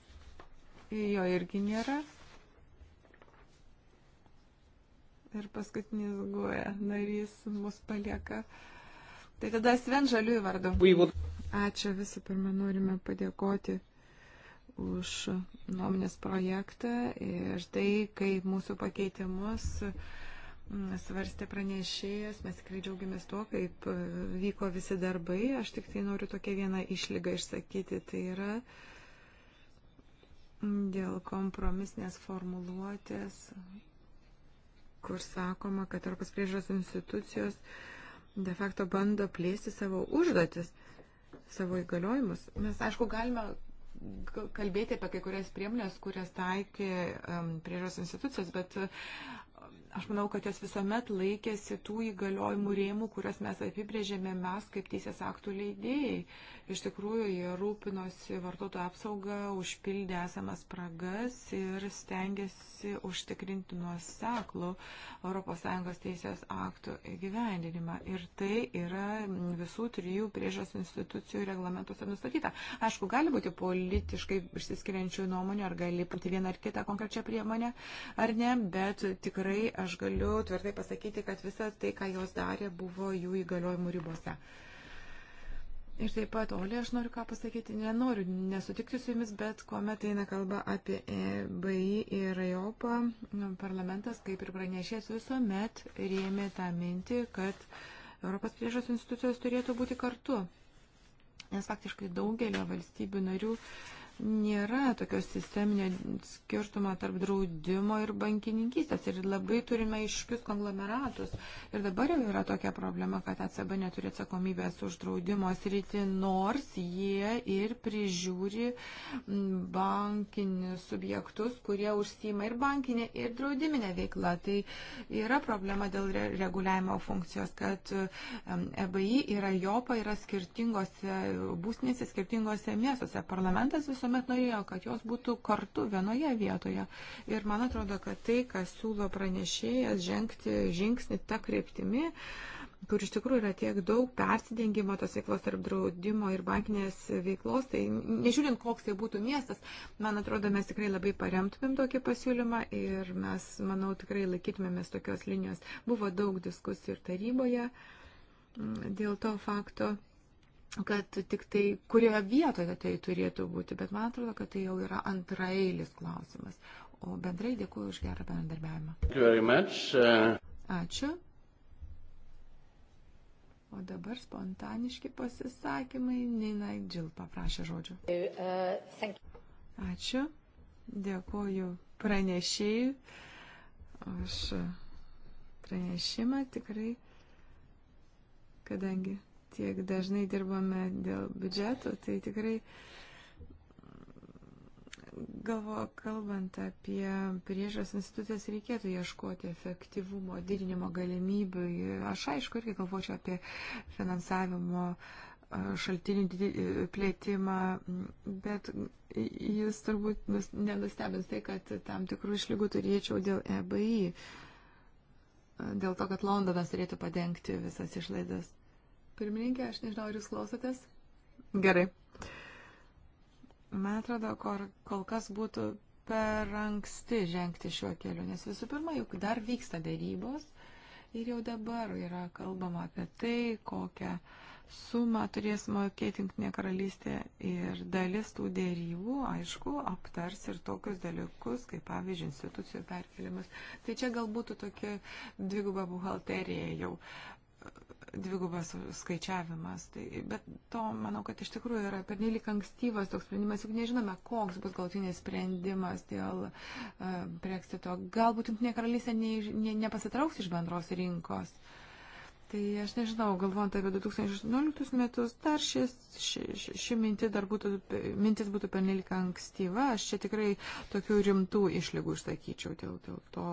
Jo irgi nėra. ir paskutinis guoja narys mus palieka. Tai tada Sven Žaliųjų vardu. Ačiū visų pirma, norime padėkoti už nuomonės projektą ir tai, kaip mūsų pakeitimus mm, svarstė pranešėjas, mes tikrai džiaugiamės tuo, kaip e, vyko visi darbai. Aš tik tai noriu tokią vieną išlygą išsakyti. Tai yra dėl kompromisnės formuluotės kur sakoma, kad Europos priežiūros institucijos de facto bando plėsti savo užduotis, savo įgaliojimus. Mes, aišku, galime kalbėti apie kai kurias priemonės, kurias taikė um, priežos institucijos, bet aš manau, kad jos visuomet laikėsi tų įgaliojimų rėmų, kurias mes apibrėžėme mes kaip teisės aktų leidėjai. Iš tikrųjų, jie rūpinosi vartotojų apsaugą, užpildė esamas spragas ir stengiasi užtikrinti nuoseklų ES teisės aktų gyvendinimą. Ir tai yra visų trijų priežas institucijų reglamentuose nustatyta. Aišku, gali būti politiškai išsiskiriančių nuomonių, ar gali būti viena ar kita konkrečia priemonė, ar ne, bet tikrai aš aš galiu tvirtai pasakyti, kad visa tai, ką jos darė, buvo jų įgaliojimų ribose. Ir taip pat, Olė, aš noriu ką pasakyti, nenoriu nesutikti su jumis, bet kuomet eina kalba apie e BI ir JOPA, e nu, parlamentas, kaip ir pranešės, visuomet rėmė tą mintį, kad Europos priežos institucijos turėtų būti kartu. Nes faktiškai daugelio valstybių narių uh, nėra tokio sisteminio skirtumo tarp draudimo ir bankininkystės ir labai turime iškius konglomeratus. Ir dabar jau yra tokia problema, kad ECB neturi atsakomybės už draudimo sritį, nors jie ir prižiūri bankinius subjektus, kurie užsima ir bankinė, ir draudiminė veikla. Tai yra problema dėl re reguliavimo funkcijos, kad EBI ir JOPA yra skirtingose būsnėse, skirtingose miestuose. Parlamentas viso visuomet norėjo, kad jos būtų kartu vienoje vietoje. Ir man atrodo, kad tai, kas siūlo pranešėjas žengti žingsnį tą kryptimį, kur iš tikrųjų yra tiek daug persidengimo tos veiklos tarp draudimo ir bankinės veiklos, tai nežiūrint, koks tai būtų miestas, man atrodo, mes tikrai labai paremtumėm tokį pasiūlymą ir mes, manau, tikrai laikytumėmės tokios linijos. Buvo daug diskusijų ir taryboje mm, dėl to fakto, kad tik tai kurioje vietoje tai turėtų būti, bet man atrodo, kad tai jau yra antrailis klausimas. O bendrai dėkuoju už
gerą bendarbiavimą. Uh,
Ačiū. O dabar spontaniški pasisakymai. Nina Džil paprašė žodžio.
Uh,
Ačiū. Dėkuoju pranešėjui už pranešimą tikrai, kadangi tiek dažnai dirbame dėl biudžeto, tai tikrai galvoju, kalbant apie priežas institucijas, reikėtų ieškoti efektyvumo, didinimo galimybių. Aš aišku irgi galvočiau apie finansavimo šaltinių plėtimą, bet jis turbūt nenustebins tai, kad tam tikrų išlygų turėčiau dėl EBI, dėl to, kad Londonas turėtų padengti visas išlaidas. Pirmininkė, aš nežinau, ar jūs klausotės? Gerai. Man atrodo, kol, kol kas būtų per anksti žengti šiuo keliu, nes visų pirma, juk dar vyksta dėrybos ir jau dabar yra kalbama apie tai, kokią sumą turės mokėti Junktinė karalystė ir dalis tų dėrybų, aišku, aptars ir tokius dalykus, kaip pavyzdžiui, institucijų perkelimas. Tai čia galbūt tokia dviguba buhalterija jau dvigubas skaičiavimas. Tai, bet to, manau, kad iš tikrųjų yra pernelyg ankstyvas toks sprendimas, juk nežinome, koks bus galtinis sprendimas dėl uh, e, breksito. Galbūt Junktinė karalystė ne, ne, nepasitrauks iš bendros rinkos. Tai aš nežinau, galvojant apie 2018 metus, dar šis, ši, ši, ši mintis, dar būtų, mintis būtų pernelyg ankstyva. Aš čia tikrai tokių rimtų išlygų išsakyčiau dėl, dėl to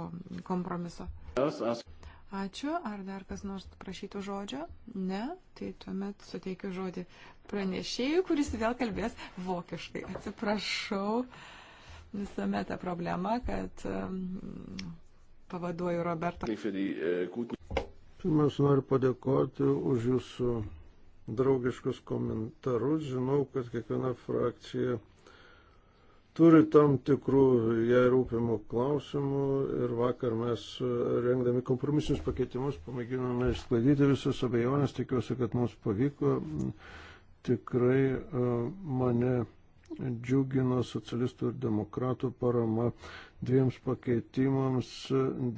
kompromiso. Aš, aš... Ačiū. Ar dar kas nors prašytų žodžio? Ne. Tai tuomet suteikiu žodį pranešėjui, kuris vėl kalbės vokiškai. Atsiprašau. Visuomet ta problema, kad um, pavaduoju Robertą. E,
Pirmiausia, noriu padėkoti už jūsų draugiškus komentarus. Žinau, kad kiekviena frakcija turi tam tikrų jai rūpimų klausimų ir vakar mes e, rengdami kompromisinius pakeitimus pamėginome išsklaidyti visas abejonės, tikiuosi, kad mums pavyko. Tikrai e, mane džiugino socialistų ir demokratų parama dviems pakeitimams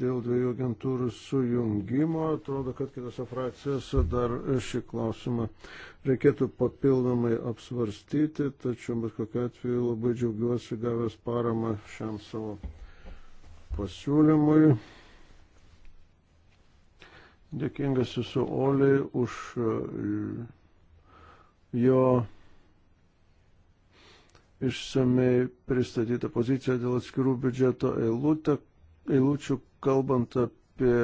dėl dviejų agentūrų sujungimo. Atrodo, kad kitose frakcijose dar šį klausimą reikėtų papildomai apsvarstyti, tačiau bet kokiu atveju labai džiaugiuosi gavęs paramą šiam savo pasiūlymui. Dėkingas esu Oliai už e, jo išsamei pristatyta pozicija dėl atskirų biudžeto eilutė, eilučių, kalbant apie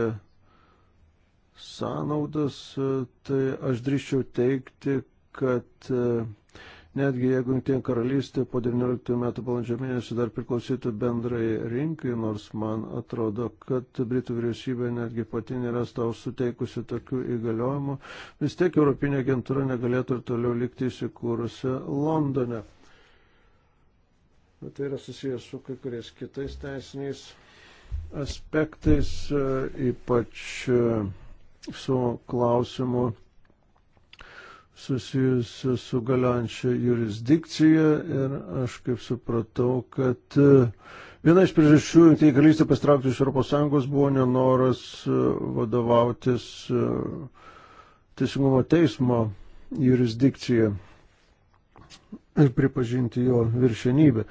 sąnaudas, tai aš drįščiau teikti, kad e, netgi jeigu Junktinė karalystė po 19 metų balandžio mėnesį dar priklausytų bendrai rinkai, nors man atrodo, kad Britų vyriausybė netgi pati nėra tau suteikusi tokių įgaliojimų, vis tiek Europinė agentūra negalėtų ir toliau likti įsikūrusi Londone. Nu, tai yra susijęs su kai kuriais kitais teisiniais aspektais, e, ypač e, su klausimu susijusiu su galiojančia jurisdikcija ir aš kaip supratau, kad e, viena iš priežasčių Jungtinė karalystė pastraukti iš ES buvo nenoras vadovautis teisingumo teismo jurisdikcija ir pripažinti jo viršenybę.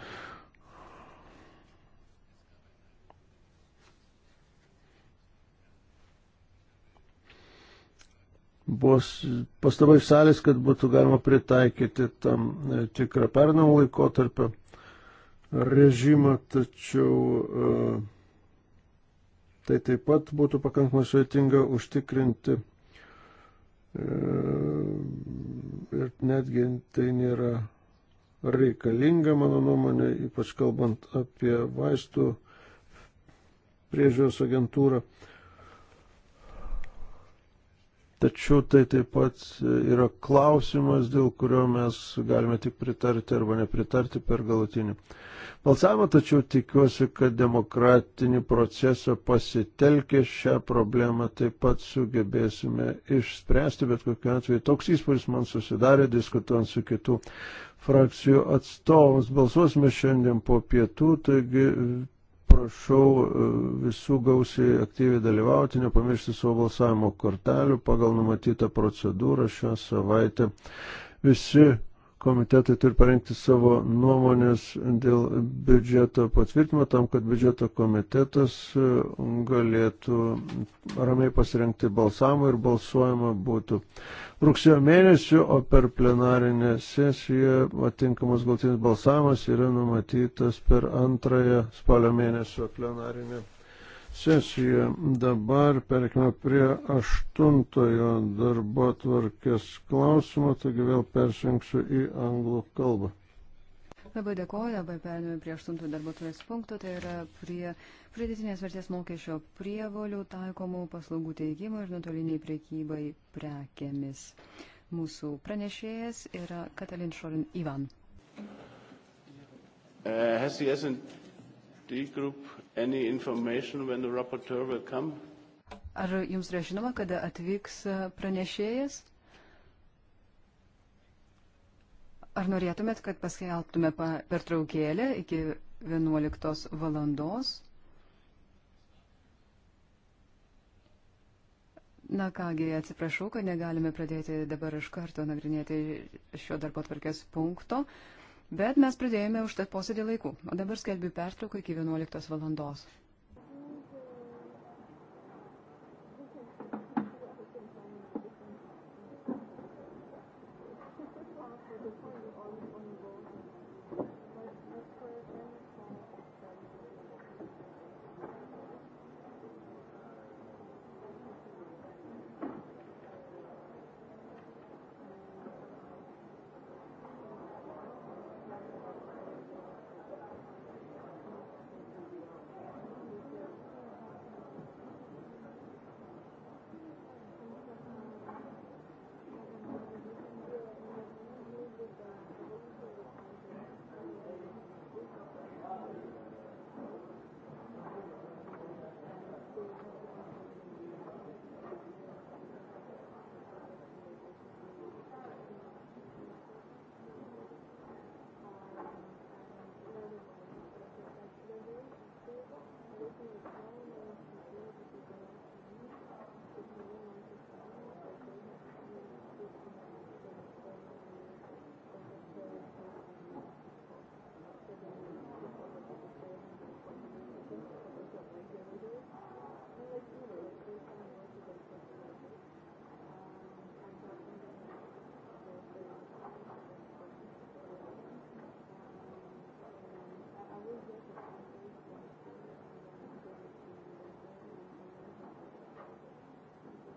Buvo pastabai salės, kad būtų galima pritaikyti tam e, tikrą pernamų laikotarpio režimą, tačiau e, tai taip pat būtų pakankamai sudėtinga užtikrinti e, ir netgi tai nėra reikalinga, mano nuomonė, ypač kalbant apie vaistų priežiūros agentūrą. Tačiau tai taip pat yra klausimas, dėl kurio mes galime tik pritarti arba nepritarti per galutinį balsavimą, tačiau tikiuosi, kad demokratinį procesą pasitelkę šią problemą taip pat sugebėsime išspręsti, bet kokiu atveju toks įspūdis man susidarė diskutuojant su kitų frakcijų atstovams. Balsuosime šiandien po pietų, taigi prašau e, visų gausiai aktyviai dalyvauti, nepamiršti savo balsavimo kortelių pagal numatytą procedūrą šią savaitę. Visi komitetai turi parengti savo nuomonės dėl biudžeto patvirtinimo tam, kad biudžeto komitetas e, galėtų ramiai pasirengti balsavimą ir balsuojama būtų rugsėjo mėnesį, o per plenarinę sesiją atinkamas galtinis balsavimas yra numatytas per antrąją spalio mėnesio plenarinę sesiją. Dabar perkime prie aštuntojo darbo tvarkės klausimo, taigi vėl persijungsiu į anglų kalbą.
Labai dėkoju, labai perėmėme prie aštuntojo darbo tvarkės punkto, tai yra prie pridėtinės vertės mokesčio prievolių taikomų paslaugų teikimo ir nuotoliniai priekybai prekėmis. Mūsų pranešėjas yra Katalin Šorin Ivan.
Uh, has the S&D group any information when the rapporteur will come?
Ar jums yra žinoma, kada atvyks e, pranešėjas? Ar norėtumėt, kad paskelbtume per traukėlę iki 11 valandos? Na kągi, atsiprašau, kad negalime pradėti dabar iš karto nagrinėti šio darbo tvarkės punkto. Uh, Bet mes pradėjome užtat posėdį laiku, o dabar skelbiu pertrauką iki 11 valandos.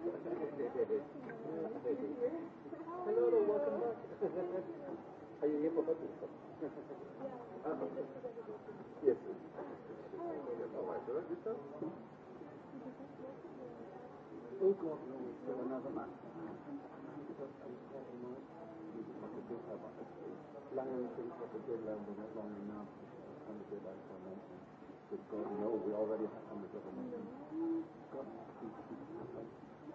Hello, welcome back. Are you here for hunting? uh -huh. Yes. All right, so that's good stuff. Oh, God, no, it's still another man. Lion thinks that the deadline was not long enough. It's going to be like for a month. Good God, no, we already have on the government. God.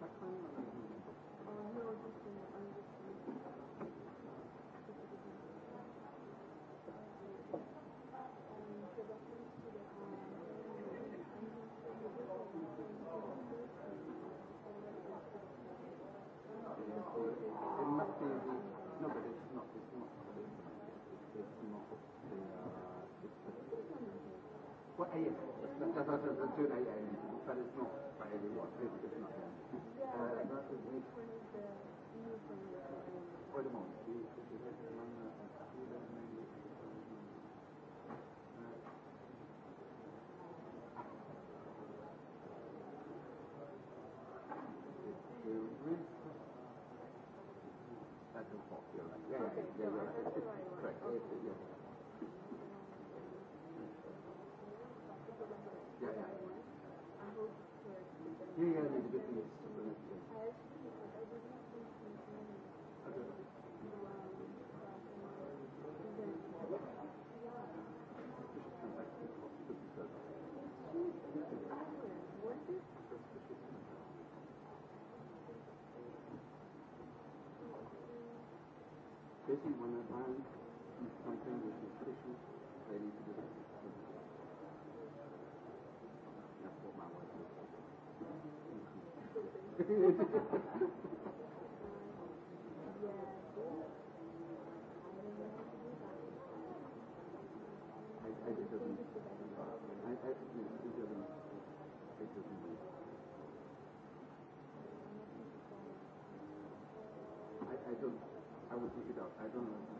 Well, yes, that, that, that, that's a good idea, but it's not by everyone. It's not. Voor de mond. I don't, I will pick it up. I don't know.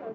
Okay.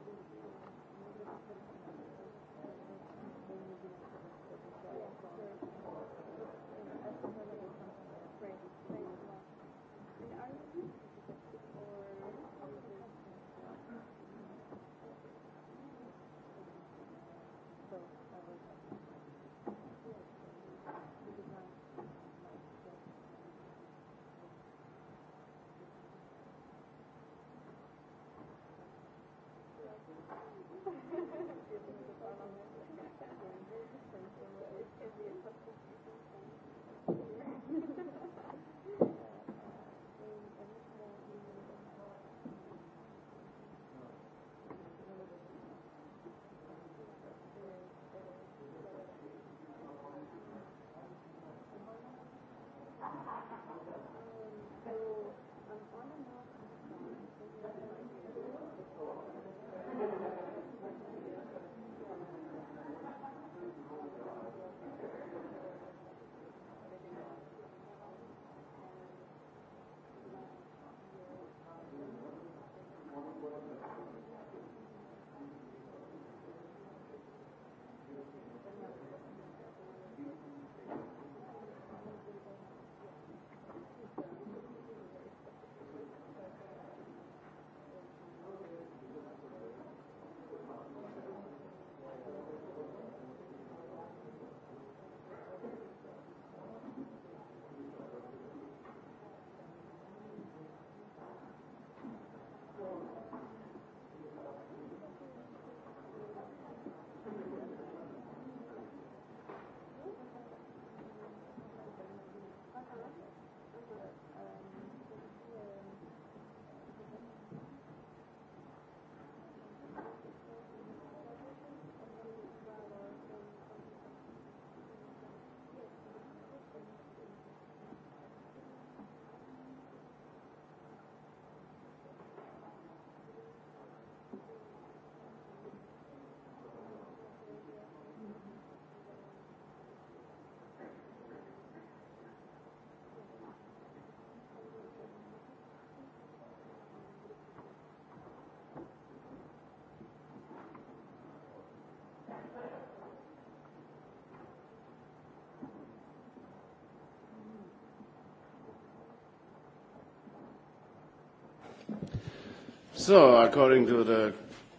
So, according to the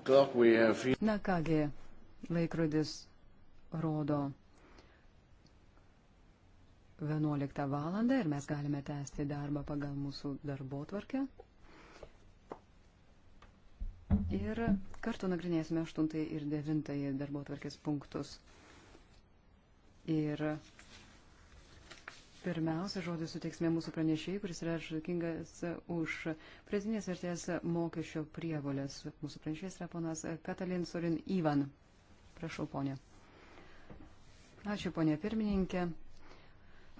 clock we have...
Na kągi, laikrodis rodo 11 valandą ir mes galime tęsti darbą pagal mūsų darbo tvarkę. Ir kartu nagrinėsime 8 ir 9 darbo tvarkės punktus. Ir Pirmiausia, žodį suteiksime mūsų pranešėjai, kuris yra atsakingas už prezinės vertės mokesčio prievolės. Mūsų pranešėjas yra ponas Katalin Sorin Ivan. Prašau, ponė. Ačiū, ponė pirmininkė.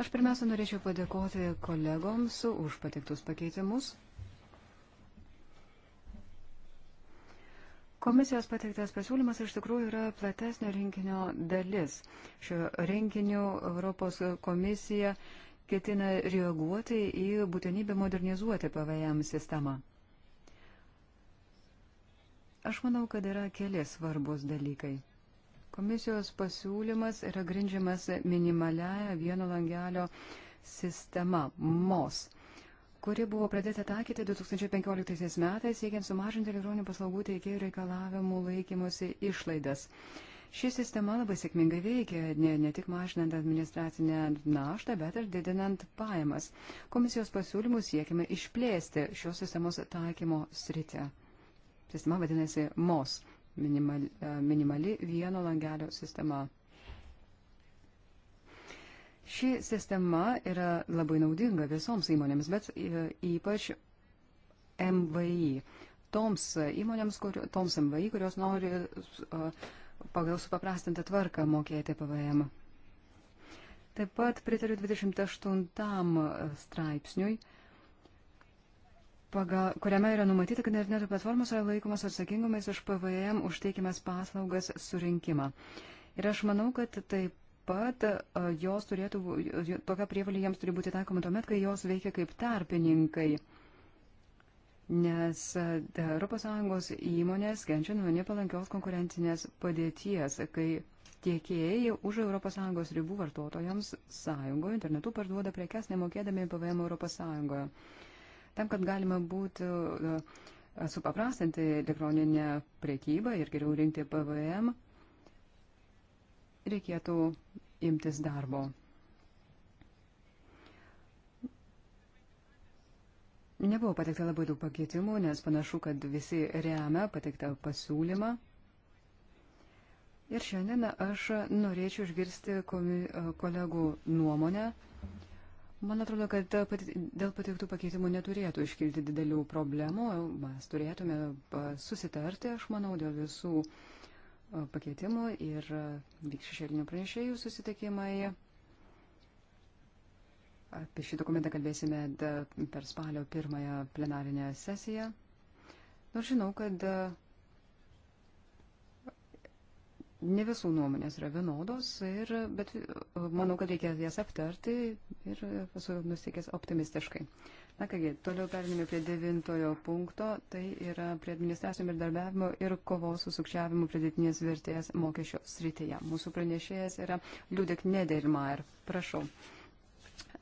Aš pirmiausia norėčiau padėkoti kolegoms už patiktus pakeitimus. Komisijos pateiktas pasiūlymas iš tikrųjų yra platesnio rinkinio dalis. Šio rinkinio Europos komisija ketina reaguoti į būtinybę modernizuoti PVM sistemą. Aš manau, kad yra keli svarbus dalykai. Komisijos pasiūlymas yra grindžiamas minimalia vieno langelio sistema MOS kuri buvo pradėta taikyti 2015 metais, siekiant sumažinti elektroninių paslaugų teikėjų reikalavimų laikymosi išlaidas. Ši sistema labai sėkmingai veikia, ne, ne tik mažinant administracinę naštą, bet ir didinant pajamas. Komisijos pasiūlymus siekime išplėsti šios sistemos taikymo sritį. Sistema vadinasi MOS, minimal, minimali vieno langelio sistema. Ši sistema yra labai naudinga visoms įmonėms, bet e, ypač MVI. Toms įmonėms, kur, toms MVI, kurios nori pagal supaprastintą tvarką mokėti PVM. Taip pat pritariu 28 straipsniui, pagal, kuriame yra numatyta, kad interneto platformos yra laikomas atsakingomis už PVM užteikiamas paslaugas surinkimą. Ir aš manau, kad taip pat e, jos turėtų, e, tokia prievalė jiems turi būti taikoma tuomet, kai jos veikia kaip tarpininkai. Nes ES įmonės kenčia nuo nepalankios konkurencinės padėties, kai tiekėjai už ES ribų vartotojams sąjungoje internetu parduoda prekes nemokėdami PVM ES. Tam, kad galima būtų e, supaprastinti elektroninę prekybą ir geriau rinkti PVM, reikėtų imtis darbo. Nebuvo patekta labai daug pakeitimų, nes panašu, kad visi remia patektą pasiūlymą. Ir šiandien aš norėčiau išgirsti kolegų nuomonę. Man atrodo, kad dėl pateiktų pakeitimų neturėtų iškilti didelių problemų. Mes turėtume susitarti, aš manau, dėl visų uh, pakeitimų ir vyks šešėlinių pranešėjų susitikimai. Apie šį dokumentą kalbėsime per spalio pirmąją plenarinę sesiją. Nors žinau, kad e, ne visų nuomonės yra vienodos, ir, bet e, manau, kad reikia jas aptarti ir esu nusteikęs optimistiškai. Uh, Na kągi, toliau perinime prie devintojo punkto, tai yra prie administracijų bendradarbiavimo ir kovos su sukčiavimu pridėtinės vertės mokesčio srityje. Mūsų pranešėjas yra Liudek Nedermair. Prašau.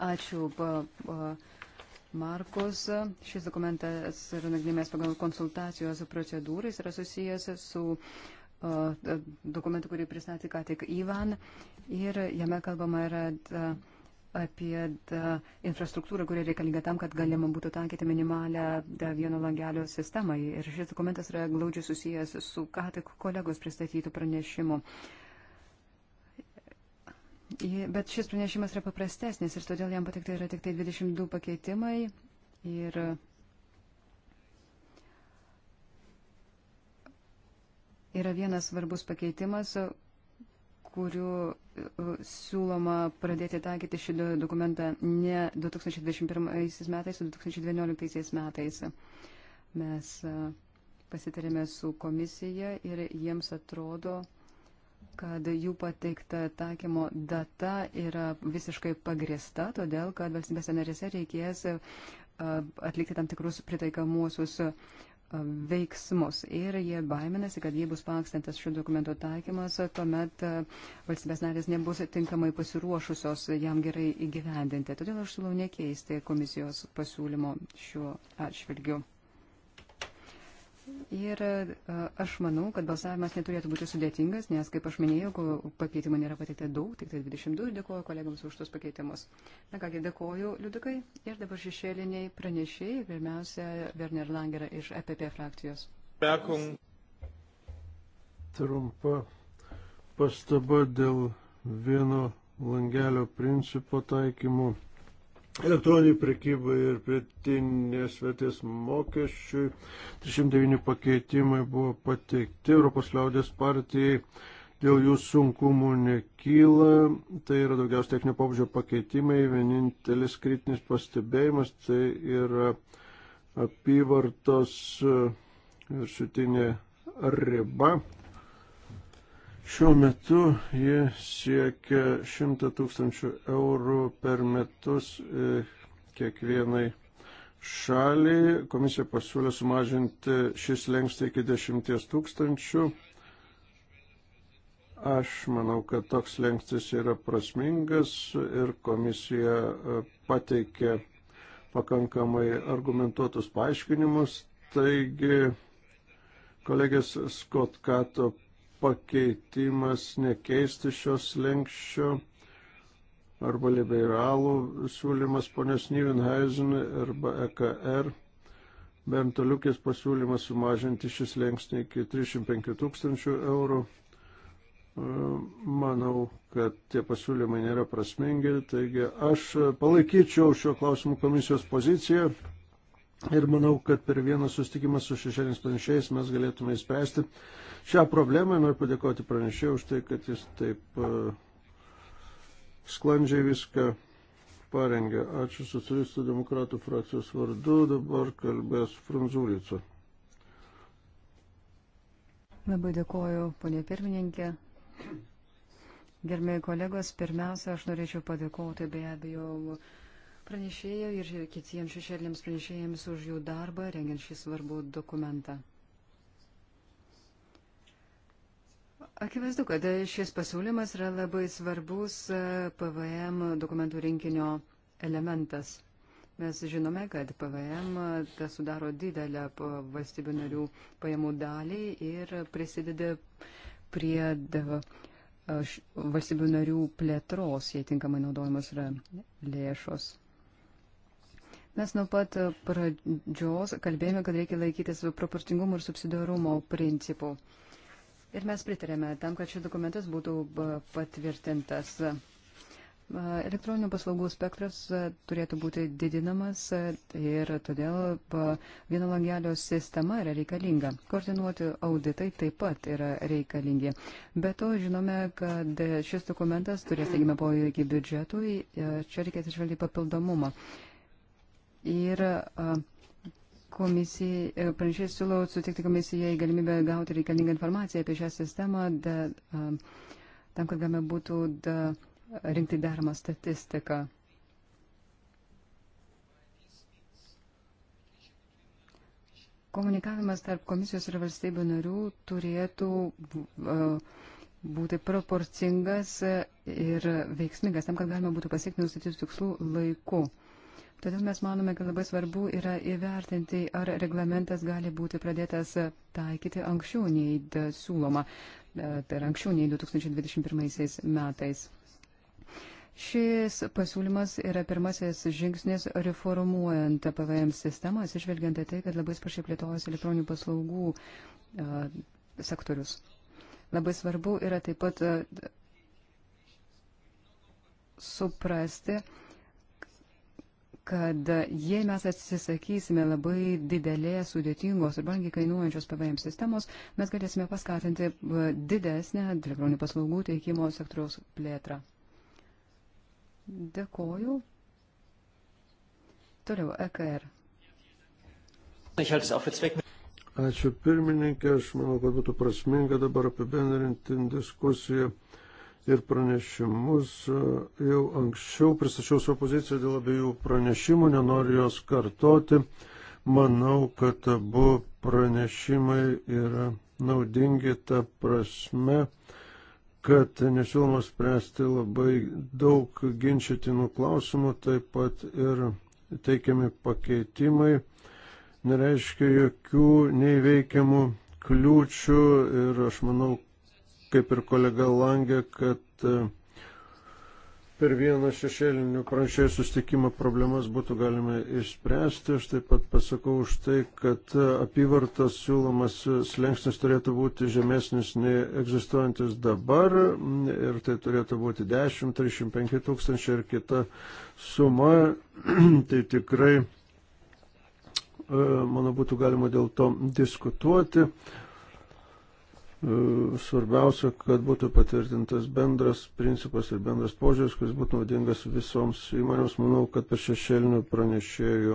Ačiū. Pa, pa, Markus, šis dokumentas yra nagrinėmės pagal konsultacijos procedūrą, jis yra susijęs su uh, dokumentu, kurį pristatė ką tik Ivan ir jame kalbama yra. Uh, apie infrastruktūrą, kuri reikalinga tam, kad galima būtų tankyti minimalę vieno langelio sistemą. Ir šis dokumentas yra glaudžiai susijęs su ką tik kolegos pristatytų pranešimu. Bet šis pranešimas yra paprastesnis ir todėl jam patikta yra tik tai 22 pakeitimai. Ir yra vienas svarbus pakeitimas, kuriuo siūloma pradėti taikyti šį dokumentą ne 2021 metais, o 2012 metais. Mes pasitarėme su komisija ir jiems atrodo, kad jų pateikta taikymo data yra visiškai pagrista, todėl kad valstybės narėse reikės atlikti tam tikrus pritaikamuosius veiksmus ir jie baiminasi, kad jei bus pakstantas šių dokumentų taikymas, tuomet e, valstybės narės nebus tinkamai pasiruošusios jam gerai įgyvendinti. Todėl aš siūlau nekeisti komisijos pasiūlymo šiuo atšvilgiu. Ir e, aš manau, kad balsavimas neturėtų būti sudėtingas, nes, kaip aš minėjau, pakeitimų nėra pateikta daug, tik tai 22 ir dėkoju kolegams už tos pakeitimus. Na kągi, dėkoju Liudukai ir dabar šešėliniai pranešėjai, pirmiausia, Werner Langera iš EPP frakcijos.
Bekum. Trumpa pastaba dėl vieno langelio principo taikymų elektroniniai prekybai ir pritinės vertės mokesčiui. 309 pakeitimai buvo pateikti Europos liaudės partijai. Dėl jų sunkumų nekyla, tai yra daugiausia techninio pobūdžio pakeitimai, vienintelis kritinis pastebėjimas, tai yra apyvartos viršutinė riba Šiuo metu ji siekia 100 tūkstančių eurų per metus e, kiekvienai šaliai. Komisija pasiūlė sumažinti šis lengstį iki 10 tūkstančių. Aš manau, kad toks lengstis yra prasmingas ir komisija e, pateikė pakankamai argumentuotus paaiškinimus. Taigi, kolegės Skotkato pakeitimas nekeisti šios lenkščio arba liberalų siūlymas ponios Nivenhausen arba EKR. Bentoliukės pasiūlymas sumažinti šis lengsnį iki 305 tūkstančių eurų. E, manau, kad tie pasiūlymai nėra prasmingi, taigi aš palaikyčiau šio klausimų komisijos poziciją. Ir manau, kad per vieną sustikimą su šešėliniais pranešėjais mes galėtume įspręsti šią problemą. Noriu padėkoti pranešėjui už tai, kad jis taip e, sklandžiai viską parengė. Ačiū socialistų demokratų frakcijos vardu. Dabar kalbės Franzulica.
Labai dėkoju, ponė pirmininkė. Gerbėjai kolegos, pirmiausia, aš norėčiau padėkoti be abejo. Jau pranešėjo ir kitiems šešėlėms pranešėjams už jų darbą, rengiant šį svarbų dokumentą. Akivaizdu, kad šis pasiūlymas yra labai svarbus e, PVM dokumentų rinkinio elementas. Mes žinome, kad PVM e, sudaro didelę valstybių narių pajamų dalį ir prisideda prie e, valstybių narių plėtros, jei tinkamai naudojamos yra lėšos. Mes nuo pat pradžios kalbėjome, kad reikia laikytis proporcingumo ir subsidiarumo principų. Ir mes pritarėme tam, kad šis dokumentas būtų patvirtintas. Elektroninių paslaugų spektras turėtų būti didinamas ir todėl vieno langelio sistema yra reikalinga. Koordinuoti auditai taip pat yra reikalingi. Be to žinome, kad šis dokumentas turės teigiamą poveikį biudžetui. Čia reikėtų išvalgyti papildomumą ir komisija, e, pranešėjas siūlau sutikti komisijai galimybę gauti reikalingą informaciją apie šią sistemą, da, tam, kad galime būtų da, rinkti daromą statistiką. Komunikavimas tarp komisijos ir valstybių narių turėtų būti proporcingas ir veiksmingas tam, kad galima būtų pasiekti nustatytų tikslų laiku. Todėl mes manome, kad labai svarbu yra įvertinti, ar reglamentas gali būti pradėtas taikyti anksčiau nei siūloma, e, tai yra anksčiau nei 2021 metais. Šis pasiūlymas yra pirmasis žingsnis reformuojant PVM sistemą, atsižvelgiant į tai, kad labai sparčiai plėtojasi elektroninių paslaugų uh, sektorius. Labai svarbu yra taip pat uh, suprasti, uh, kad jei mes atsisakysime labai didelės, sudėtingos ir brangiai kainuojančios PVM sistemos, mes galėsime paskatinti e, didesnę elektroninių paslaugų teikimo sektoriaus plėtrą. Dėkoju. Toliau, EKR.
Ačiū pirmininkė, aš manau, kad būtų prasminga dabar apibendrinti diskusiją ir pranešimus. Jau anksčiau pristačiau savo poziciją dėl abiejų pranešimų, nenoriu jos kartoti. Manau, kad abu pranešimai yra naudingi tą prasme, kad nesiūloma spręsti labai daug ginčytinų klausimų, taip pat ir teikiami pakeitimai nereiškia jokių neįveikiamų kliūčių ir aš manau, kaip ir kolega Langė, kad e, per vieną šešėlinių pranešėjų sustikimą problemas būtų galima išspręsti. Aš taip pat pasakau už tai, kad e, apyvartas siūlomas slengsnis turėtų būti žemesnis nei egzistuojantis dabar ir tai turėtų būti 10-35 tūkstančiai ir kita suma. tai tikrai, e, manau, būtų galima dėl to diskutuoti. Svarbiausia, kad būtų patvirtintas bendras principas ir bendras požiūris, kuris būtų naudingas visoms įmonėms. Manau, kad per šešėlinių pranešėjų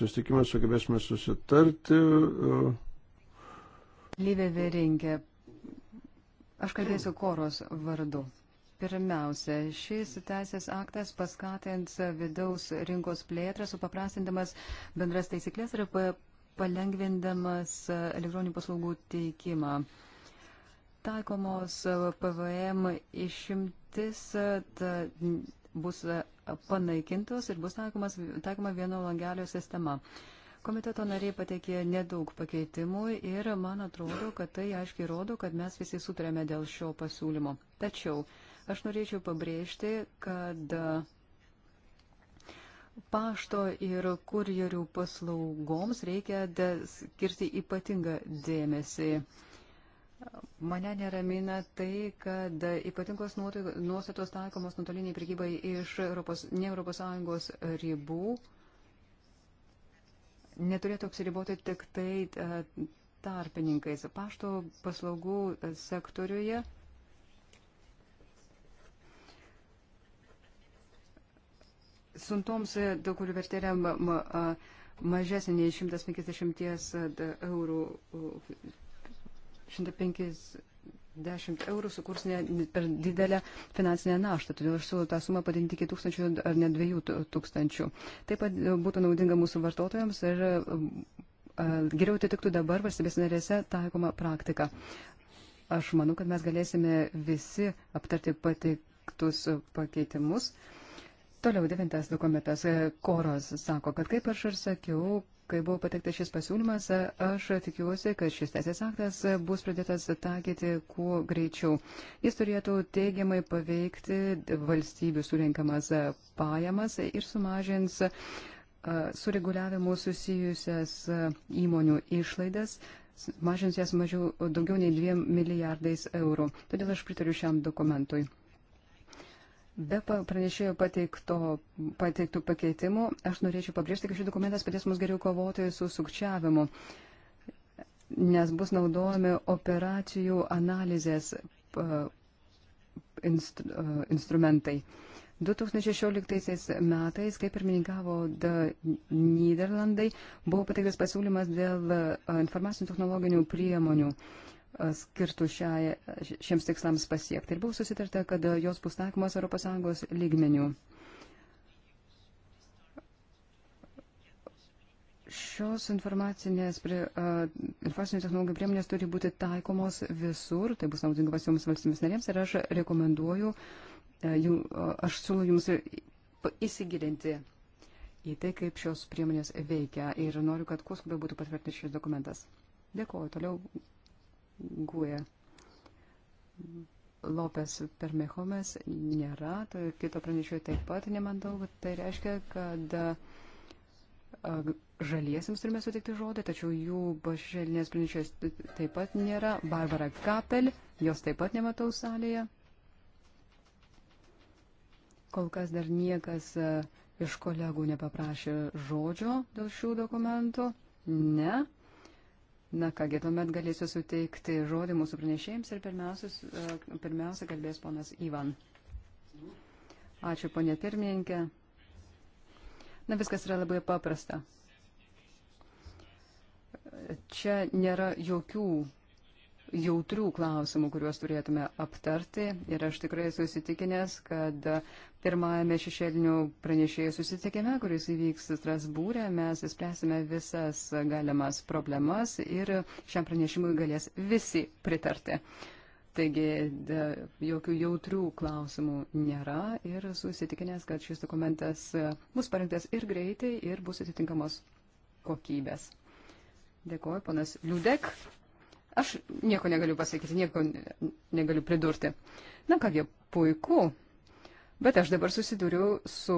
susitikimą sugebėsime susitarti. E,
Lyvė Veringė, aš kalbėsiu koros vardu. Pirmiausia, šis teisės aktas paskatins vidaus rinkos plėtrą, supaprastindamas bendras taisyklės ir palengvindamas elektroninių paslaugų teikimą taikomos e, PVM išimtis e, ta, bus e, panaikintos ir bus taikomas, taikoma vieno langelio sistema. Komiteto nariai pateikė nedaug pakeitimų ir man atrodo, kad tai aiškiai rodo, kad mes visi sutarėme dėl šio pasiūlymo. Tačiau aš norėčiau pabrėžti, kad pašto ir kurjerių paslaugoms reikia skirti ypatingą dėmesį. Mane neramina tai, kad ypatingos nuostatos taikomos nuotoliniai prekybai iš Europos, ne ES ribų neturėtų apsiriboti tik tai e, tarpininkais. Pašto paslaugų sektoriuje suntoms, e, dėl kurių vertė yra mažesnė nei 150 e, eurų 150 eurų sukurs ne, per didelę finansinę naštą, todėl aš siūlau tą sumą padinti iki tūkstančių ar net dviejų tūkstančių. Taip pat e, būtų naudinga mūsų vartotojams ir e, geriau atitiktų dabar valstybės narėse taikoma praktika. Aš manau, kad mes galėsime visi aptarti pateiktus pakeitimus. Uh, Toliau devintas dokumentas. Koros sako, kad kaip aš ir sakiau, kai buvo patektas šis pasiūlymas, aš tikiuosi, kad šis teisės aktas bus pradėtas taikyti kuo greičiau. Jis turėtų teigiamai paveikti valstybių surinkamas pajamas ir sumažins su reguliavimu susijusias įmonių išlaidas, mažins jas mažiau, daugiau nei 2 milijardais eurų. Todėl aš pritariu šiam dokumentui. Be pranešėjo pateikto, pateiktų pakeitimų, aš norėčiau pabrėžti, kad šis dokumentas padės mums geriau kovoti su sukčiavimu, nes bus naudojami operacijų analizės instru, instrumentai. 2016 metais, kai pirmininkavo Niderlandai, buvo pateiktas pasiūlymas dėl informacinių technologinių priemonių skirtų šiai, šiems tikslams pasiekti. Ir buvo susitarta, kad jos bus taikomas ES lygmenių. Šios informacinės, prie, uh, informacinių technologijų priemonės turi būti taikomos visur, tai bus naudinga visoms valstybėms narėms ir aš rekomenduoju, uh, jų, uh, aš siūlau jums įsigilinti į tai, kaip šios priemonės veikia ir noriu, kad kuo skubiau būtų patvirtintas šis dokumentas. Dėkuoju, toliau Guė. Lopes Permehomes nėra, tai kito pranešėjo taip pat nemandau, bet tai reiškia, kad žaliesiams turime sutikti žodį, tačiau jų bašelinės pranešėjos taip pat nėra. Barbara Kapel, jos taip pat nematau salėje. Kol kas dar niekas iš kolegų nepaprašė žodžio dėl šių dokumentų. Ne. Na kągi, tuomet galėsiu suteikti žodį mūsų pranešėjams ir pirmiausia, pirmiausia kalbės ponas Ivan. Ačiū, ponė pirmininkė. Na viskas yra labai paprasta. Čia nėra jokių jautrių klausimų, kuriuos turėtume aptarti. Ir aš tikrai susitikinęs, kad pirmajame šešėlinių pranešėjų susitikime, kuris įvyks Strasbūrė, mes spręsime visas galimas problemas ir šiam pranešimui galės visi pritarti. Taigi da, jokių jautrių klausimų nėra ir susitikinęs, kad šis dokumentas bus parengtas ir greitai, ir bus atitinkamos kokybės. Dėkuoju, panas Liudek. Aš nieko negaliu pasakyti, nieko negaliu pridurti. Na kągi, puiku. Bet aš dabar susidūriau su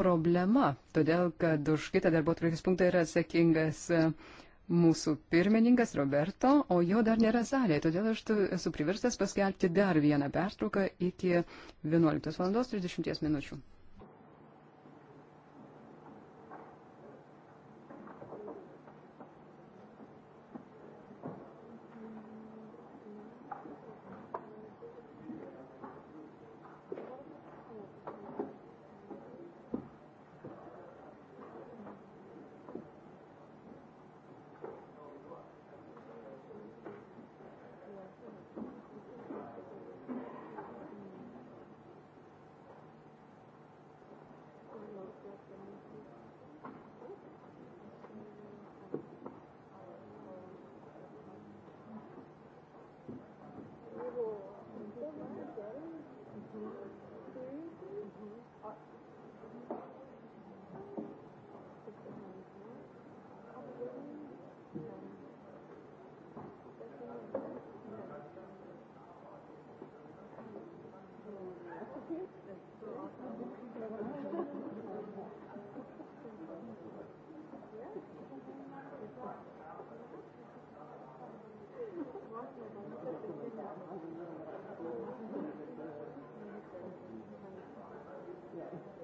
problema, todėl kad už kitą darbo tvarkės punktą yra atsakingas e, mūsų pirmininkas Roberto, o jo dar nėra salėje, todėl aš esu priverstas paskelbti dar vieną pertrauką iki 11 val. 30 minučių.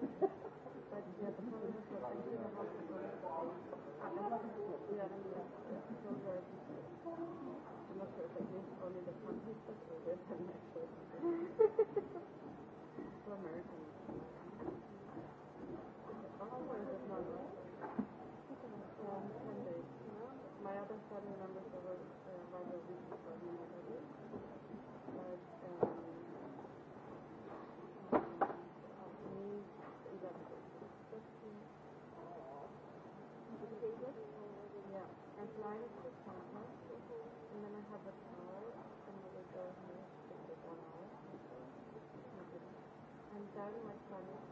Thank you. very much money.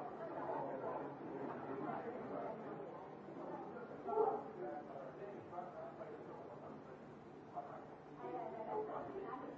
Thank you.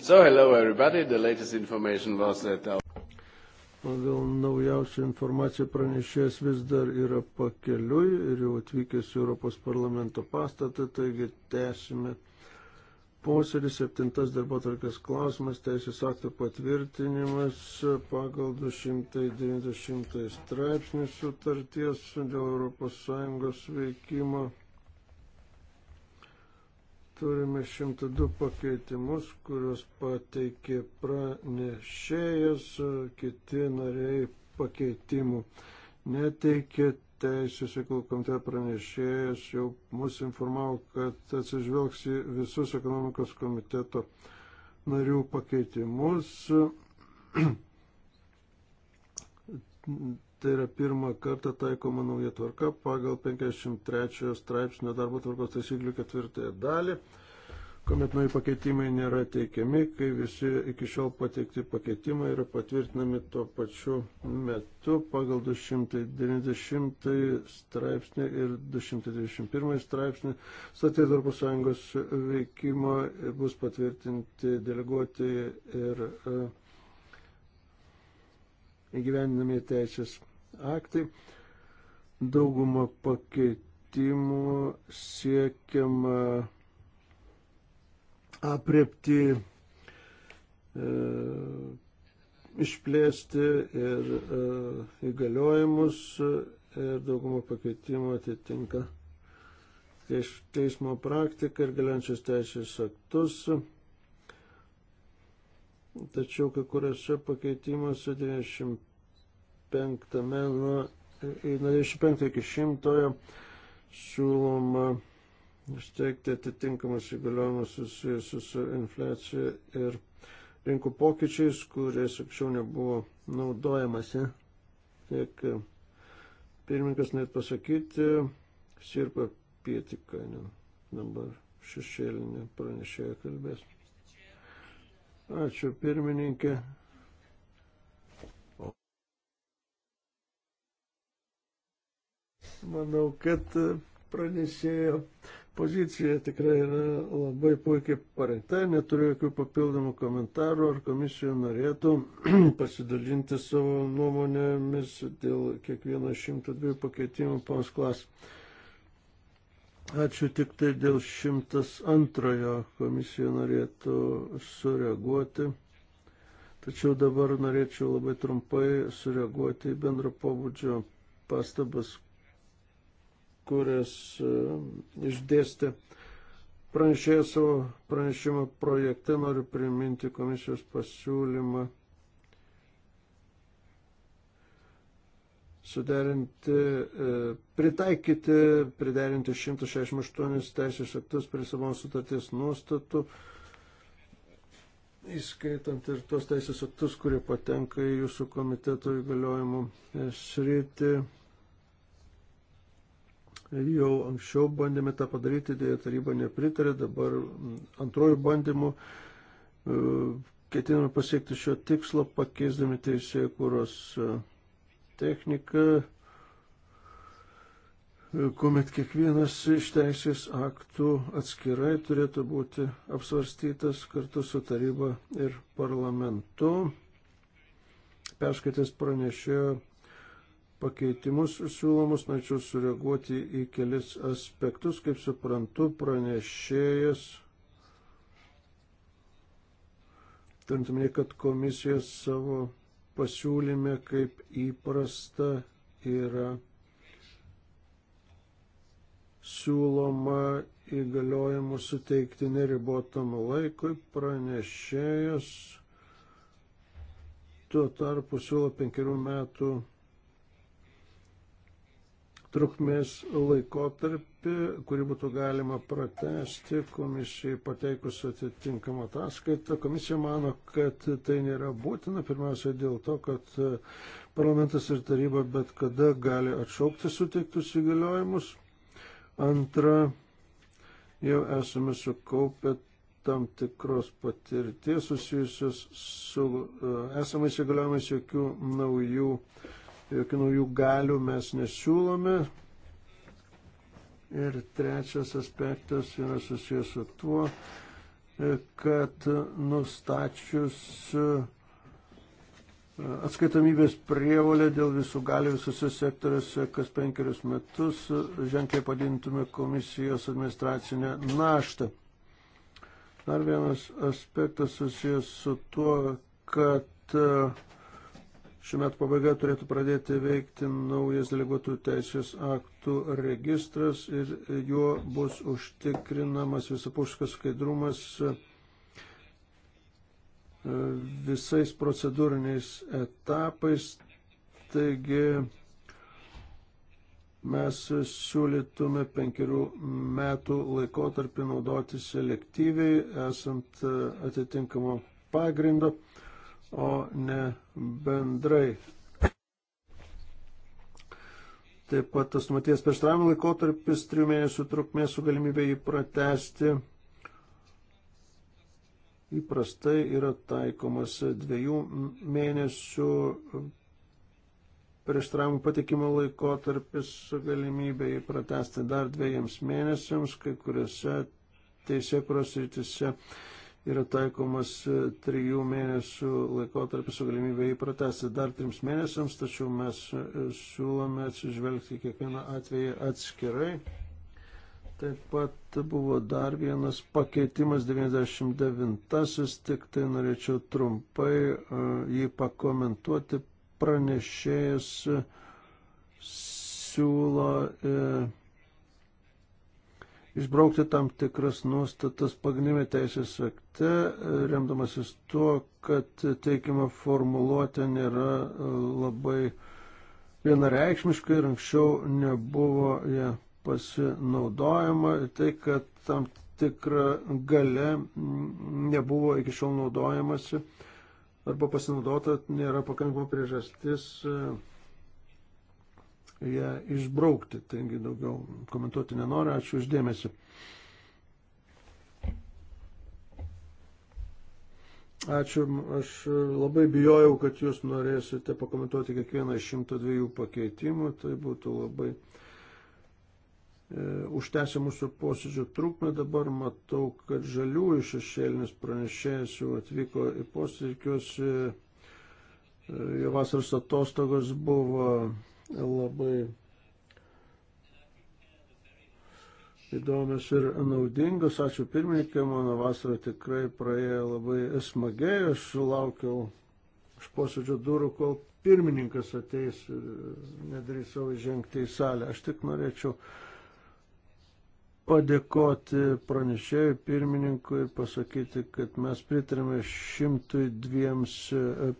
So, hello everybody. The latest information was that our... Pagal naujausią informaciją pranešėjas vis dar yra pakeliui ir jau atvykęs į Europos parlamento pastatą, taigi tęsime posėdį, septintas darbo tvarkės klausimas, teisės aktų patvirtinimas pagal 290 straipsnį sutarties dėl ES veikimo. Turime 102 pakeitimus, kuriuos pateikė pranešėjas, kiti nariai pakeitimų neteikė. Teisės reikalų komiteto pranešėjas jau mus informavo, kad atsižvelgs į visus ekonomikos komiteto narių pakeitimus. Tai yra pirmą kartą taikoma nauja tvarka pagal 53 straipsnio darbo tvarkos taisyklių ketvirtąją dalį, kuomet nauji pakeitimai nėra teikiami, kai visi iki šiol pateikti pakeitimai yra patvirtinami tuo pačiu metu pagal 290 straipsnį ir 221 straipsnį. Statė Darbos Sąjungos veikimo bus patvirtinti deleguoti ir uh, įgyvendinami teisės aktai. Dauguma pakeitimų siekiama apriepti, e, išplėsti ir e, įgaliojimus ir dauguma pakeitimų atitinka teismo praktiką ir galiančius teisės aktus tačiau kai kuriuose pakeitimuose 95 nuo 95 iki 100 siūloma steigti atitinkamas įgaliojimas susijusius su infliacija ir rinkų pokyčiais, kuriais anksčiau nebuvo naudojamasi. Tiek e, pirmininkas net pasakyti, sirpa pietikainen dabar šešėlinė pranešėja kalbės. Ačiū pirmininkė. Manau, kad pranešėjo pozicija tikrai yra labai puikiai parengta, neturiu jokių papildomų komentarų, ar komisija norėtų pasidalinti savo nuomonėmis dėl kiekvieno 102 pakeitimų pasklas. klasės. Ačiū tik tai dėl 102 komisija norėtų sureaguoti. Tačiau dabar norėčiau labai trumpai sureaguoti į bendro pobūdžio pastabas, kurias e, išdėstė pranešėjo savo pranešimo projekte. Noriu priminti komisijos pasiūlymą suderinti, e, pritaikyti, priderinti 168 teisės aktus prie Lisabono sutarties nuostatų, įskaitant ir tos teisės aktus, kurie patenka į jūsų komiteto įgaliojimų e, sritį. Jau anksčiau bandėme tą padaryti, dėja taryba nepritarė, dabar antrojų bandymų e, ketiname pasiekti šio tikslo, pakeisdami teisėjų kūros technika, kuomet kiekvienas iš teisės aktų atskirai turėtų būti apsvarstytas kartu su taryba ir parlamentu. Perskaitęs pranešėjo pakeitimus siūlomus, norėčiau sureaguoti į kelis aspektus, kaip suprantu, pranešėjas turint minėti, kad komisija savo pasiūlyme, kaip įprasta, yra siūloma įgaliojimų suteikti neribotam laikui pranešėjas. Tuo tarpu siūlo penkerių metų trukmės laikotarpį, kurį būtų galima pratesti komisijai pateikus atitinkamą ataskaitą. Komisija mano, kad tai nėra būtina, pirmiausia dėl to, kad parlamentas ir taryba bet kada gali atšaukti suteiktus įgaliojimus. Antra, jau esame sukaupę tam tikros patirties susijusios su e, esamais įgaliojimais jokių naujų uh, jokių naujų galių mes nesiūlome. Ir trečias aspektas yra susijęs su tuo, e, kad nustačius e, atskaitomybės prievolę dėl visų galių visose sektoriuose kas penkerius metus e, ženkliai padintume komisijos administracinę naštą. Dar vienas aspektas susijęs su tuo, kad uh, Šiuo metu pabaiga turėtų pradėti veikti naujas deleguotų teisės aktų registras ir juo bus užtikrinamas visapuškas skaidrumas e, visais procedūriniais etapais. Taigi mes siūlytume penkerių metų laikotarpį naudoti selektyviai, esant e, atitinkamo pagrindo o ne bendrai. Taip pat tas numaties prieštaravimo laikotarpis trijų mėnesių trukmės su galimybė jį pratesti įprastai yra taikomas dviejų mėnesių prieštaravimų patikimo laikotarpis su galimybė jį pratesti dar dviejams mėnesiams, kai kuriuose teisėkuros rytise yra taikomas e, trijų mėnesių laikotarpis su galimybė jį pratesti dar trims mėnesiams, tačiau mes e, siūlome atsižvelgti kiekvieną atvejį atskirai. Taip pat buvo dar vienas pakeitimas 99-asis, tik tai norėčiau trumpai e, jį pakomentuoti. Pranešėjas siūlo. E, išbraukti tam tikras nuostatas pagrindinėme teisės akte, remdamasis tuo, kad teikiama formuluotė nėra e, labai vienareikšmiška ir anksčiau nebuvo ją pasinaudojama. Tai, kad tam tikra gale nebuvo iki šiol naudojamasi arba pasinaudota, nėra pakankama priežastis e, ją išbraukti. Taigi daugiau komentuoti nenoriu. Ačiū uždėmesi. Ačiū. Aš labai bijojau, kad jūs norėsite pakomentuoti kiekvieną iš 102 pakeitimų. Tai būtų labai e, užtęsę mūsų posėdžio trukmę, dabar matau, kad žaliųjų šešėlinis pranešėjas jau atvyko į posėdžius, e, e, jo vasaros atostogos buvo labai įdomios ir naudingos. Ačiū pirmininkė, mano vasara tikrai praėjo labai smagiai. Aš laukiau iš posėdžio durų, kol pirmininkas ateis ir nedrįsau žengti į salę. Aš tik norėčiau padėkoti pranešėjui pirmininkui ir pasakyti, kad mes pritarėme 102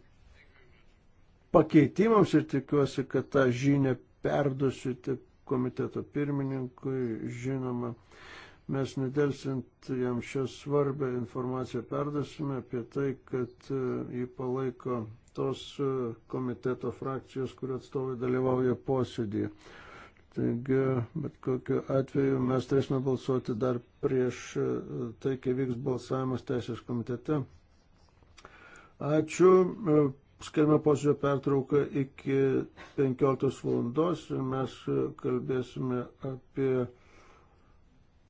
pakeitimams ir tikiuosi, kad tą žinę perdusite komiteto pirmininkui, žinoma. Mes nedelsint jam šią svarbę informaciją perdusime apie tai, kad e, jį palaiko tos e, komiteto frakcijos, kurio atstovai dalyvauja posėdėje. Taigi, bet kokiu atveju mes turėsime balsuoti dar prieš e, tai, kai vyks balsavimas teisės komitete. Ačiū. Skelbime posėdžio pertrauką iki 15 valandos ir mes kalbėsime apie